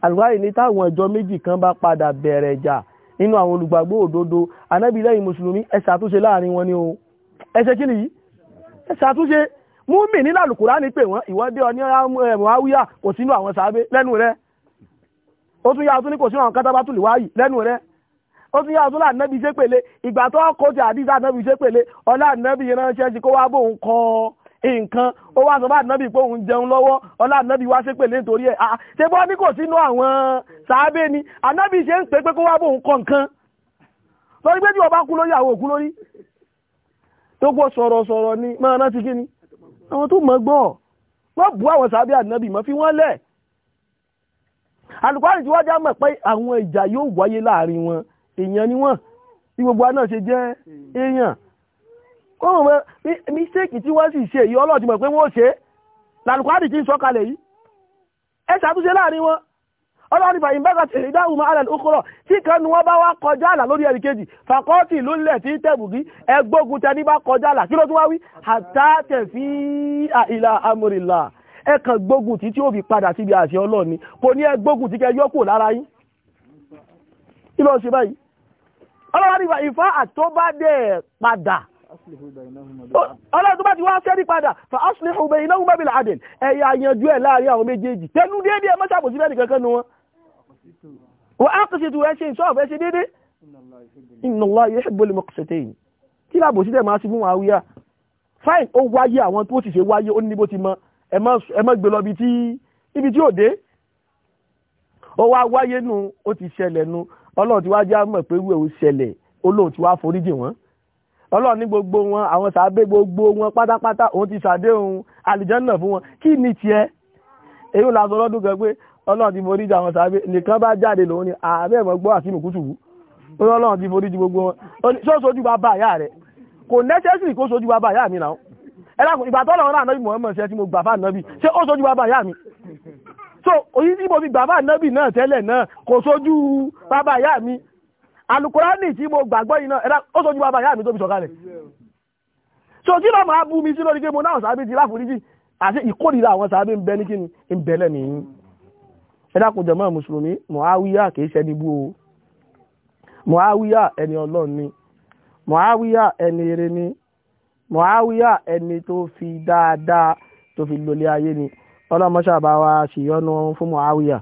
alukọ́ni ní táwọn ẹjọ́ méjì kan bá padà bẹ̀rẹ̀ jà nínú àwọn olùgbàgbọ́ òdodo anábìlẹ́yìn mùsùlùmí ẹ ṣàtúnṣe láàrin wọn ni o ẹ ṣe kí nìyí ẹ ṣàtúnṣe múmi nínú àlùkùránì pé wọ́n ìwọ́dé ọ ní Muawiya kò sínú àwọn sàábé lẹ́nu rẹ̀ ó tún yá tún ní kò sínú àwọn kátàbátùlì wáyì ó ti yá àtúnlá ànábì ṣe pèlè ìgbà tó kó ti àdìsí ànábì ṣe pèlè ọlá ànábì ránṣẹ́ sí kó wá bóun kọ́ ọ nǹkan ó wá sọ bá ànábì pé òun jẹun lọ́wọ́ ọlá ànábì wá ṣépè lé nítorí ẹ̀ àá ṣe bọ́ ní kò sínú àwọn sàábé ni ànábì ṣe ń pè pé kó wá bóun kọ nǹkan lórí pé tí ọba kú lórí àwọn òkú lórí tó gbọ́ sọ̀rọ̀ sọ̀rọ̀ ni máa rántí kí ni àwọn tó mọ̀ gbọ́ wọ́n bú àwọn sàábé ànábì mọ́ fi wọ́n lẹ̀ alùpàdé tí wọ́n já mọ̀ pé àwọn ìjà yóò wáyé láàrin wọn èèyàn ni wọ́n bí gbogbo aná ṣe jẹ́ hmm. èèyàn kóhùn mẹ́ mistake tí wọ́n sì ṣe èyí ọlọ́ọ̀tí mọ̀ pé wọ́n ṣe lálùkwádìí tí ń sọ kalẹ̀ yìí ẹ ṣàtúnṣe láàrin wọn ọlọ́run fàyín bẹ́ẹ̀ tẹ̀lé dáhùn máa rẹ̀ ókúrọ̀ tí kan ni wọ́n bá wá kọjá àlà lórí ẹnì kejì fàkọ́ọ̀tì ló lẹ̀ tí tẹ̀bùgí ẹgbógun tẹni bá kọjá àlà kí ló tún wá wí àtàtẹ̀ fi àìlà amòrìlà ẹ kàn gbógun tí tí ó fi padà síbi àṣẹ ọlọ́run ni kò ní ẹgbógun tí kẹ yọ kù lára yín kí ló ṣe báyìí ọlọ́wọ́ ní ìfá àtọ́bádẹ́ padà ọlọ́run tó bá ti wá sẹ́rí padà fa aslihu baynahuma bil adl ẹ̀yà àyànjú ẹ̀ láàrin àwọn méjèèjì tẹnu déédéé ẹ má ṣàbòsí fẹ́ni kankan nu wọn. wọ́n á kò ṣètò ẹṣin ìṣọ́ọ̀fù ẹṣin déédéé. inna Allaha yuhibbul muqsitin kí làbòsí tẹ̀ máa ṣe fún àwíyá. fine ó wáyé àwọn tó ti ṣe wáyé ó ní bó ti mọ ẹ má gbé lọ ibi tí ò dé. ó wá wáyé ọlọ́run ti wá já mọ̀ pé wíwẹ̀ ó ṣẹlẹ̀ ọlọ́run ti wá foríjì wọn ọlọ́run ní gbogbo wọn àwọn sàábé gbogbo wọn pátápátá òun ti ṣàdéhùn àlìjánná fún wọn kí ni tiẹ̀ èyí la sọ lọ́dún kan pé ọlọ́run ti foríjì àwọn sàábé nìkan bá jáde lòun ni ààbẹ̀ mọ́ gbọ́ àti mùkútùwù ó ní ọlọ́run ti foríjì gbogbo wọn ṣó sojú bàbá àyà rẹ̀ kò nẹ́sẹ̀sì kó sojú bàbá àyà mi náà ẹ lákùn ìgbà tọ́lọ́run náà nọ́bì mọ̀ọ́mọ̀ ṣe tí mo gbà fáànù nọ́bì ṣé ó sojú bàbá àyà so oyin tí mo fi gbàgbà nábì náà tẹ́lẹ̀ náà kò sójú bàbá ìyá mi alukurani tí mo gbàgbọ́ yìí náà ó sójú bàbá ìyá mi tó fi sọ̀kalẹ̀ so kí ló máa bú mi sí lórí pé mo náà sàábé ti láforíjì àti ìkórìíra àwọn sàábé ń bẹ ní kíni ń bẹ̀lẹ̀ nìyí ẹ dákun jàmáà mùsùlùmí Muawiya kìí ṣẹni bú o Muawiya ẹni ọlọ́run ni Muawiya ẹni eré ni Muawiya ẹni tó fi dáadáa tó fi lólé ayé ni ọlọ́mọṣà bá wa ṣìyọ́nú fún muawiya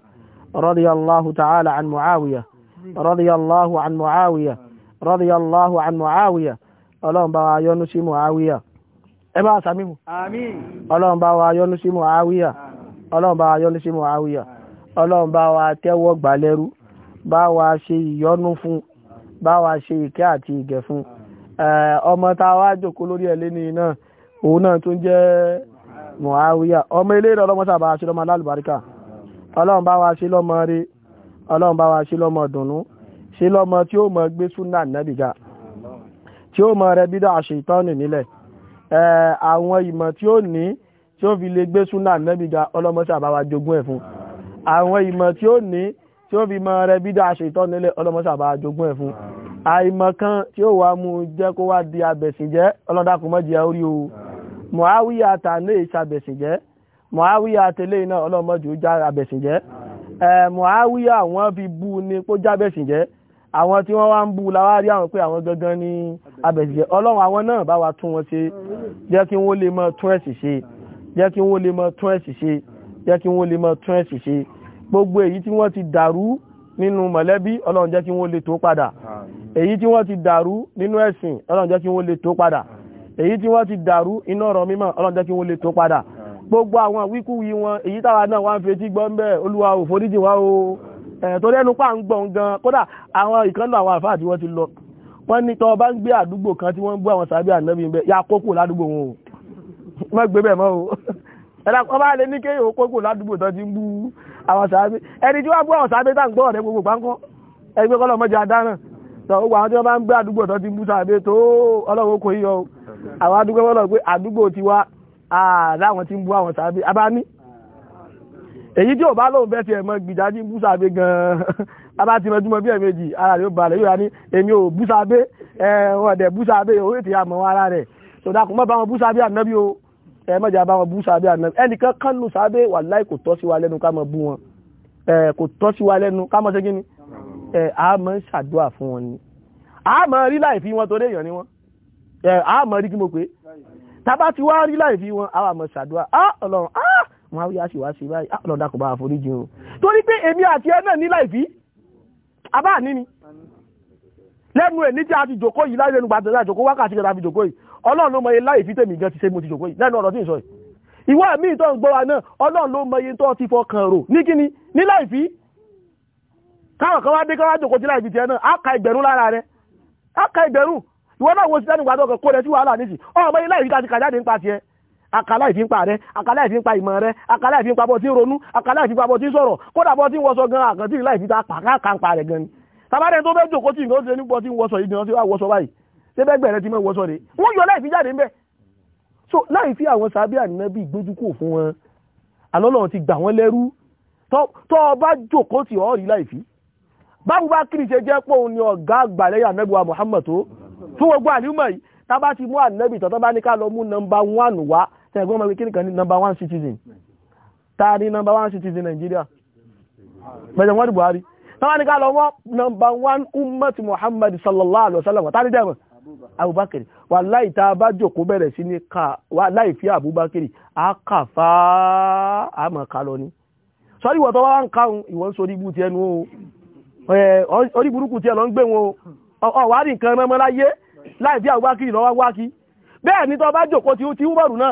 radiyallahu ta'ala an muawiya radiyallahu an muawiya radiyallahu an muawiya ọlọ́run bá wa yọ́nú sí muawiya ẹ bá sàmì mu ọlọ́run bá wa yọ́nú sí muawiya ọlọ́run bá wa yọ́nú sí muawiya ọlọ́run bá wa tẹ́wọ́ gbà lẹ́rú bá wa ṣe ìyọ́nú fún bá ṣe ìkẹ́ àti ìgẹ̀ fún ọmọ tá jòkó lórí ẹ̀ lẹ́ni náà òun náà tún jẹ́ muawiya ọmọ ilé rẹ̀ ọlọ́mọ sábà ṣe lọ́mọ alálùbáríkà ọlọ́run wa ṣe lọ́mọ rí wa ṣe lọ́mọ dùnú ṣe lọ́mọ tí ó mọ gbé súnà nẹ́bìgà tí ó mọ rẹ bídà àṣetọ́nì nílẹ̀ àwọn ìmọ̀ tí ó ní tí ó fi lè gbé súnà nẹ́bìgà ọlọ́mọ sábà wa jogún ẹ̀ fún àwọn ìmọ̀ tí ó àìmọ̀ kan tí ó wà mú jẹ́ kó wá di abẹ̀sìnjẹ́ ọlọ́dàkùnmọ́jìyà orí o muawiya àtàlẹ́ ìṣàbẹ̀sìnjẹ́ muawiya àtẹlẹ́ iná ọlọ́mọdé ó já abẹ̀sìnjẹ́ muawiya àwọn fi bú ni kó jábẹ̀sìnjẹ́ àwọn tí wọ́n wá ń bú láwá rí àwọn pé àwọn gangan ní abẹ̀sìjẹ́ ọlọ́run àwọn náà bá wa tún wọn ṣe jẹ́ kí wọ́n lè mọ tún ẹ̀sì ṣe jẹ́ kí wọ́n lè mọ tún ẹ̀sì ṣe jẹ́ kí wọ́n lè mọ tún ẹ̀sì ṣe gbogbo èyí tí wọ́n ti dàrú nínú mọ̀lẹ́bí ọlọ́run jẹ́ kí wọ́n lè tó padà èyí tí wọ́n ti dàrú nínú ẹ̀sìn ọlọ́run jẹ́ kí wọ́n lè tó padà èyí tí wọ́n ti dàrú iná ọ̀rọ̀ mímọ́ ọlọ́jọ́ kí wọ́n lè tó padà gbogbo àwọn wíkúwí wọn èyí táwa náà wá ń fetí gbọ́ ń bẹ́ olúwa ò foríjì wá o torí ẹnu pa ń gbọ̀n gan kódà àwọn ìkànnì àwọn àfáà tí wọ́n ti lọ wọ́n ní tọ́ bá ń gbé àdúgbò kan tí wọ́n ń àwọn sàbí ànábì ń ya kókò ládùúgbò wọn o má gbé bẹ́ẹ̀ mọ́ o ẹ̀dá kan bá lè ní kéèyàn kókò ládùúgbò tó ti ń bú àwọn sàbí ẹni tí wọ́n gbọ́ àwọn sàbí tá ń gbọ́ ọ̀rẹ́ gbogbo pánkọ́ ẹgbẹ́ kọ́lọ́ mọ́jà dáràn tó gbogbo àwọn tí wọ́n bá ń gbé àdúgbò tó ti ń bú sàbí tó ọlọ́run kò yíyọ o àwọn adúgbò wọ́n lọ pé àdúgbò ti wá àdáwọn tí ń bú àwọn sàábé abámi èyí tí ò bá lóun bẹ́ẹ̀ ti ẹ̀mọ́ gbìdájí bú sàábé gan-an abá ti mọ́júmọ́ bí ẹ̀mejì ara rẹ̀ ó balẹ̀ yóò rà ní èmi ò bú sàábé ẹ̀wọ̀n ọ̀dẹ̀ bú sàábé owó ètè àmọ́ ara rẹ̀ sọ̀dàkùn mọ́ bá wọn bú sàábé ànábì o ẹ̀mọ́jà bá wọn bú sàábé ànábì ẹnìkan kan nù sàábé wàláhì kò tọ́ sí wa lẹ́nu ká mọ́ bú wọn kò tọ́ sí wa lẹ́nu ká mọ́ ṣe kí ni a máa ń ṣàdúà fún wọn ni a máa rí láì fi wọn torí èèyàn ni wọn àmọ́ rí kí mo pé tàbá ti wá rí láì fi wọn àwọn àmọ́ ṣàdúrà ọlọ́run wọn wíyá ṣe wá ṣe báyìí ọlọ́run dákùn bá àforíjì o torí pé èmi àti ẹ náà ní láì fi abá ní ni lẹ́nu ẹ̀ ní tí a ti jòkó yìí láì lẹ́nu gbàtẹ́ láì jòkó wákàtí kẹta fi jòkó yìí ọlọ́run ló mọ iye láì fi tèmi gan ti ṣe mo ti jòkó yìí lẹ́nu ọ̀rọ̀ tí ń sọ yìí ìwọ ẹ̀mí ìtọ́ ń gbọ́ wa náà ọlọ́run ló mọ iye tó ti fọkàn rò ní kíni ní láì fi káwọn kan wá dé káwọn jòkó sí láì fi tiẹ̀ náà á ka ìgbẹ̀rún lára rẹ̀ á ka ìgbẹ̀rún ìwọ náà wo sí sẹ́nu ìgbàdọ̀ kó rẹ sí wàhálà nísì ọmọ ilé ìríkà ti kàjáde ń pa tiẹ̀ àkàlà ìfínpa rẹ àkàlà ìfínpa ìmọ̀ rẹ àkàlà ìfínpa bọ́ tí ń ronú àkàlà ìfínpa bọ́ tí ń sọ̀rọ̀ kódà bọ́ tí ń wọṣọ gan àkàntì ìlà ìfínpa pàkàkàǹpa rẹ̀ gan ni tàbárẹ̀ tó fẹ́ jòkó tí nǹkan ṣe nípa tí ń wọṣọ ìgbìyànjú tí wà wọṣọ báyìí ṣé bẹ́ẹ̀ gbẹ̀rẹ̀ ti mọ̀ wọṣọ rẹ̀ wọ́n yọ láì fi jáde ń bẹ̀ so láì fi àwọn sábẹ́ ànínábì ìgbójúkò fún wọn alọ́lọ́run ti gbà wọ́n lẹ́rú tó o bá jòkó tí ọ̀ọ́rí láì fi báwo bá kiri ṣe jẹ́ pé òun ni ọ̀gá àgbàlẹ́yà nẹ́gbẹ̀wá Muhammad tó fún gbogbo àlúmọ̀ yìí tá bá ti mú ànábì tọ́tọ́ bá ní ká lọ mú ka one wá tẹ̀gbọ́n mọ̀ kí nìkan ní nọmba one citizen ta ni nọmba citizen pẹ̀lú wọ́n Buhari tá ní ká lọ mọ́ nọmba one ummat Muhammad sallallahu alaihi wasallam tá ní dẹ́mọ̀ ni ọ̀wárí nǹkan rán mọ́ láyé láì bí àwọn wákì ìrọwá wákì bẹ́ẹ̀ ni tó bá jókòó ti ti Umaru náà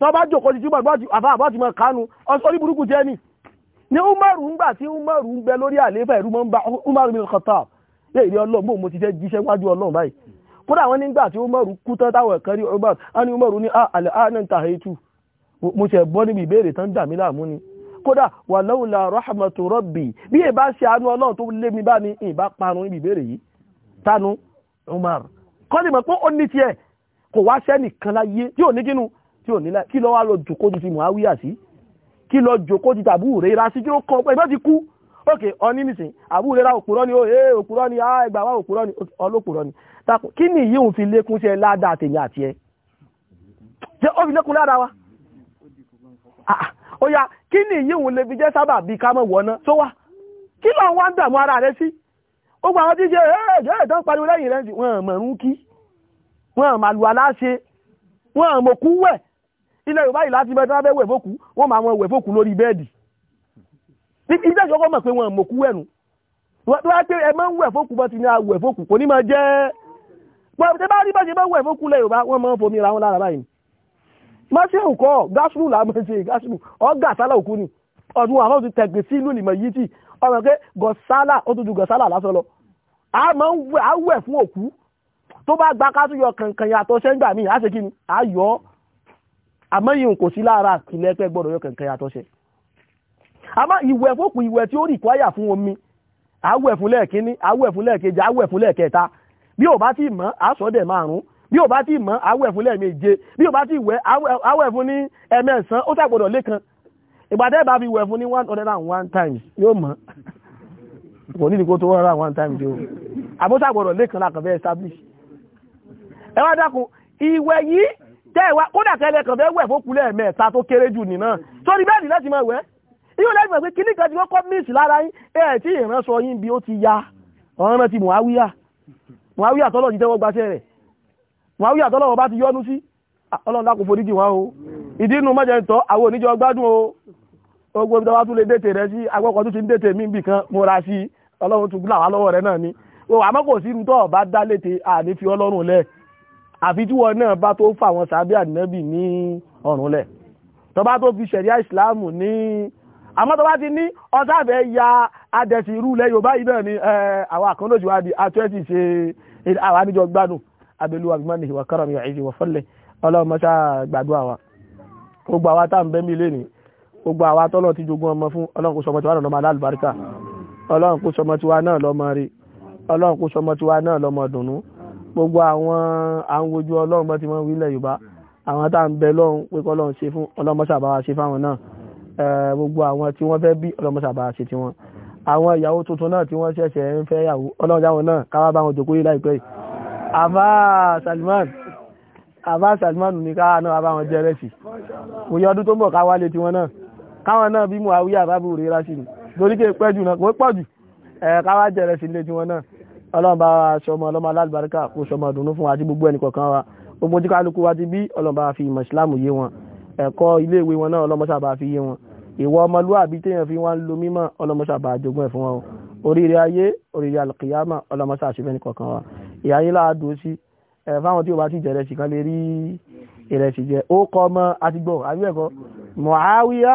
tó bá jókòó ti Umaru àbá àbọ́tí mọ̀ kánú ọ̀sọ́rí burúkú jẹ́ ni ní Umaru ń gbà tí Umaru ń bẹ lórí àléfà ẹ̀rú mọ́ ń bá Umaru bin Khattab lè rí ọlọ́run mo ti jẹ́ jíṣẹ́ wájú ọlọ́run báyìí kódà wọ́n nígbà tí Umaru kú tán táwọn ẹ̀kan rí Umaru á ní Umaru ní ah, àlẹ́ ah, tahaytu mo ṣẹ̀ bọ́ níbi ìbéèrè tán dà mí láàmú ni kódà wà lawla rahmatu rabbi bí ìbá ṣe àánú ọlọ́run tó lé mi bá ní ìbá parun níbi ìbéèrè yìí tanu Umar kọ́ lè mọ̀ pé ó ní tiẹ̀ kò wá sẹ́nìkan láyé tí ò ní kínú tí ò ní láyé kí lọ wá lọ jòkó ti ti Muawiya sí kí lọ jòkó ti tàbú rẹ̀ ra sí kí ó kọ́ pé ìbá ti kú òkè ọní nìsín àbú rẹ̀ ra òkúrọ́ ni òye òkúrọ́ ni àìgbà ah, wá òkúrọ́ ni ọlọ́kúrọ́ ni takùn kí ni yíò fi lékún sí ẹ ládàá tèmi àti ẹ jẹ́ ó fi lékún lára wa ah, ó yá kí ni yíò lè fi jẹ́ sábà bí ká mọ̀ wọ́ná tó wá kí lọ wá ń dààmú ara rẹ sí ó gba àwọn tí ṣe ẹ̀ẹ́dẹ́ ẹ̀ẹ́dẹ́ pariwo lẹ́yìn rẹ̀ wọ́n mọ̀rún kí wọ́n màlù aláṣẹ wọ́n mọ̀kú wẹ̀ ilẹ̀ yorùbá yìí láti bẹ́ẹ̀ tó bẹ́ wẹ̀ fókù wọ́n máa wọn wẹ̀ fókù lórí bẹ́ẹ̀dì ilé ìṣọ́kọ́ mọ̀ pé wọ́n mọ̀kú wẹ̀ nù tó wá pé ẹ máa ń wẹ̀ fókù bọ́ ti ní awẹ̀ fókù kò ní máa jẹ́ pẹ̀lú bá rí bá ṣe máa wẹ̀ fókù lẹ̀ yorùbá wọ́n máa ń fomi ọdún àwọn ti tẹ̀gbẹ̀ sí ìlú ìlìmọ̀ yìí tì ọmọ pé gọ̀sálà ó dúdú gọ̀sálà lásán lọ a máa ń wẹ̀ á wẹ̀ fún òkú tó bá gba ká tún yọ kankan yàtọ̀ ṣẹ́ńgbà míì á ṣe kí ni á yọ ọ́ àmọ́ yìí kò sí lára ìpìlẹ̀ pẹ́ gbọ́dọ̀ yọ kankan yàtọ̀ ṣẹ́ àmọ́ ìwẹ̀ fòkù ìwẹ̀ tí ó rì kwáyà fún omi àwẹ̀ fún lẹ́ẹ̀kíní àwẹ̀ fún lẹ́ẹ̀kejì àwẹ̀ fún lẹ́ẹ̀kẹta bí ò bá ti mọ̀ àsọ̀dẹ̀ márùn bí ò bá ti mọ̀ àwẹ̀ fún lẹ́ẹ̀méje bí ò bá ti wẹ̀ àwẹ̀ fún ní ẹ̀mẹ́sàn ó ṣàgbọ́dọ̀ lẹ́kan ìgbàdẹ́ bá fi wẹ̀ fún ní one hundred and one times yóò mọ̀ kò ní ìdíkó tó one hundred and one times yóò àbúṣàgbọ̀dọ̀ lẹ́kan lákànfẹ́ establish ẹ wá ìwẹ̀ yìí tẹ́ ìwà kódà kẹlẹ̀ kànfẹ́ eme taa mẹ́ta tó kéré jù nìna ni láti máa wẹ̀ yóò lẹ́yìn pẹ̀lú kíní kan ti ya ọ̀ràn ti Muawiya Muawiya ti o mọ́jẹ̀ o gbogbo ibi tó bá tún lè dètè rẹ sí agbọ́kọ̀ tó ti ń dètè mí bì kan múra sí i ọlọ́run tún làwà lọ́wọ́ rẹ náà ni o àmọ́ kò sí irú tó ọba dá létè àní fi ọlọ́run lẹ̀ àfi tí wọn náà bá tó fà wọn sábẹ́ ànábì ní ọ̀run lẹ̀ tó bá tó fi ṣẹ̀ríà ìsìláàmù ní àmọ́ tó bá ti ní ọ̀sáfẹ́ ya adẹ̀sí irú ilẹ̀ yorùbá yìí náà ni àwọn àkànlójú wa di atúẹ́sì ṣe àwọn àníjọ gbádùn abẹ́lú abimani ìwà káràmì àìsí wọ́n fọ́lẹ̀ ọlọ́run mọ́ṣá gbàdúrà wa gbogbo àwa tá à ń lé nìí gbogbo àwa tọ́lọ̀ ti jogún ọmọ fún ọlọ́run kó sọmọ tiwa náà lọ́mọ alálùbáríkà ọlọ́run kó sọmọ tiwa náà lọ́mọ rí ọlọ́run kó sọmọ tiwa náà lọ́mọ dùnú gbogbo àwọn àwòjú ọlọ́run bá ti mọ́ wílẹ̀ yorùbá àwọn tá à ń bẹ lọ́run pé kọ́ lọ́run ṣe fún ọlọ́mọṣà bá wa ṣe fáwọn náà gbogbo àwọn tí wọ́n fẹ́ bí ọlọ́mọṣà bá ṣe tiwọn àwọn ìyàwó tuntun náà tí wọ́n ṣẹ̀ṣẹ̀ ń fẹ́ yàwó ọlọ́run jáwọn náà káwá bá wọn jòkó yìí láìpẹ́ yìí àbá Salman àbá Salman ní káwá náà bá wọn jẹ́ rẹ̀ sí òye ọdún tó ń bọ̀ káwá lé tiwọn náà káwọn náà bí Muawiya àbábù rẹ̀ rá sí ni torí kí pẹ́ jù náà kò pọ̀ jù ẹ̀ káwá jẹ̀rẹ̀ sí ilé tiwọn náà ọlọ́run bá wa ṣọmọ ọlọ́mọ alábàríkà kó ṣọmọ ọdún fún wa àti gbogbo ẹnì kọ̀ọ̀kan wa gbogbo tí kálukú wa ti bí ọlọ́run bá fi ìmọ̀ ìsìlámù yé wọn ẹ̀kọ́ iléèwé wọn náà ọlọ́mọ sábà fi yé wọn ìwọ ọmọlúwàbí téèyàn fi wá ń lo mímọ́ ọlọ́mọ sábà jogún ẹ̀ fún wọn o oríire ayé oríire alùkìyàmà ọlọ́mọ sáà ṣe fẹ́ni wa ìyá láàdùn sí ẹ fáwọn tí o bá ti jẹ ìrẹsì kan lè rí ìrẹsì jẹ ó kọ ọmọ àtìgbọ àbí ẹ̀kọ́ Muawiya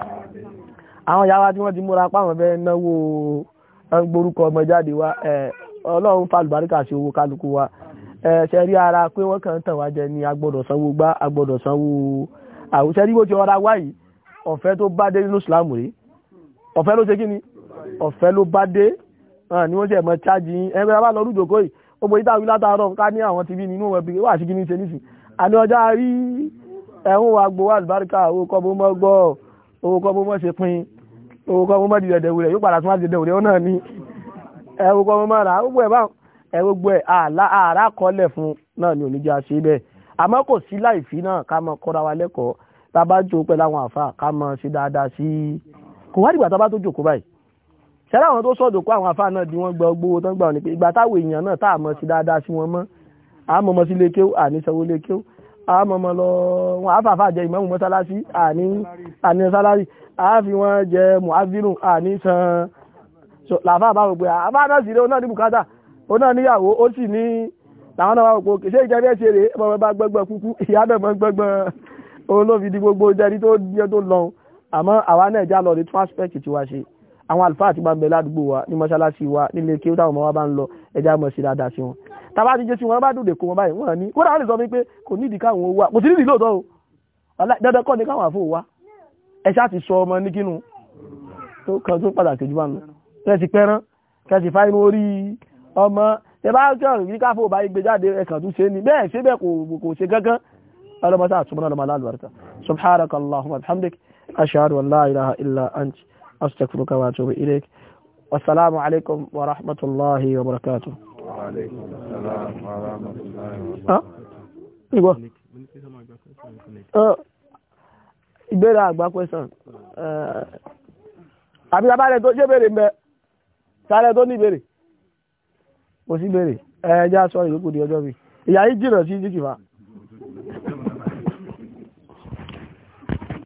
àwọn ìyá wa tí wọ́n ti múra páwọn fẹ́ náwó gborúkọ ọmọ jáde wa ọlọ́run fàlùbáríkà sí owó kálukú wa ṣe rí ara pé wọ́n kàn ń tàn wá jẹ ní agbọ́dọ̀ sanwó gbá agbọ́dọ̀ sanwó àwùṣẹ́ rí ti ọ̀rá wáyìí ọ̀fẹ́ tó bá dé nínú ìsìlámù rí ọ̀fẹ́ ló ṣe kí ni ọ̀fẹ́ ló bá dé ni wọ́n ṣe ẹ̀mọ́ chájì ẹgbẹ́ bá lọ rúdòkó yìí ó mọ ìdáwí látàárọ̀ ká ní àwọn tv nínú wọn bí wà sí kí ni ṣe nísìn àní ọjà rí ẹ̀hún wa gbowó àlùbáríkà owó kọ́ bó mọ́ gbọ́ owó kọ́ bó mọ́ ṣe pin owó kọ́ bó mọ́ di dẹ̀dẹ̀wò rẹ̀ yóò padà tún wá dẹ̀dẹ̀wò rẹ̀ náà ní ẹ̀wò kọ́ bó mọ́ gbogbo ẹ̀ bá ẹ̀gbogbo ẹ̀ àrà kọ́lẹ̀ fún náà ni oníjà ṣe bẹ́ẹ̀ àmọ́ kò sí láìfí náà ká mọ kọ́ra wa lẹ́kọ̀ọ́ tá a bá jó pẹ̀lú àwọn àfa ká mọ ṣe dáadáa sí i kò wá dìgbà tá a bá tó jókòó báyìí ṣẹlẹ̀ àwọn tó sọ̀dọ̀ kó àwọn àfa náà di wọ́n gba gbowó tán gbà ni pé ìgbà táwọn èèyàn náà tá a mọ sí dáadáa sí wọn àmọ̀mọ̀ lọ wọn àfàfà jẹ ìmáàmù mọ́sálásí àní àní sálárì àáfi wọn jẹ mùhàzírùn àní san làfà bá rò pé ah, àbá náà sì rẹ onáà ní bùkátà onáà níyàwó ó sì ní làwọn náà bá rò pé òkè ṣé ìjẹ́ bẹ́ẹ̀ ṣe rè é bọ́ọ̀ bá gbẹ́gbẹ́ kúkú ìyá náà mọ́ gbẹ́gbẹ́ olófin di gbogbo jẹni tó yẹ tó lọ àmọ́ àwa náà já lọ rí transpect tí wá ṣe àwọn àlùfáà ti bá ládùúgbò wa ní mọ́sálásí wa nílé kí ó táwọn ọmọ wa bá ń lọ ẹja mọ̀ sí dáadáa sí wọn tàbá ti jẹ́ sí wọn bá dòde kó wọn báyìí wọ́n ní kódà wọ́n lè sọ fún mi pé kò nídìí káwọn owó wa kò sí nídìí lóòótọ́ o dandan kọ́ ni káwọn àfò wa ẹ ṣáà ti sọ ọmọ ní kínú tó kan tó padà kejì wa nù kẹsì pẹran kẹsì fáínú orí ọmọ ẹ bá kẹrin kí káfọ bá gbé jáde ẹkàn tún ṣe ni bẹ́ẹ̀ ṣe bẹ́ẹ̀ kò ṣe gángan ọlọmọ sáà túnmọ ọlọmọ aláàlúwàrúta subhanaka allahumma alhamdik ashhadu an ìgbọ́ uh, ìgbéra àgbà question uh, àbí abáre tó jẹ́ bèrè mẹ́ sáré tó ní bèrè kò sí bèrè ẹ̀ẹ́dẹ́ aṣọ ìyókù di ọjọ́ bí ìyá yìí jìnnà sí jìkìfà.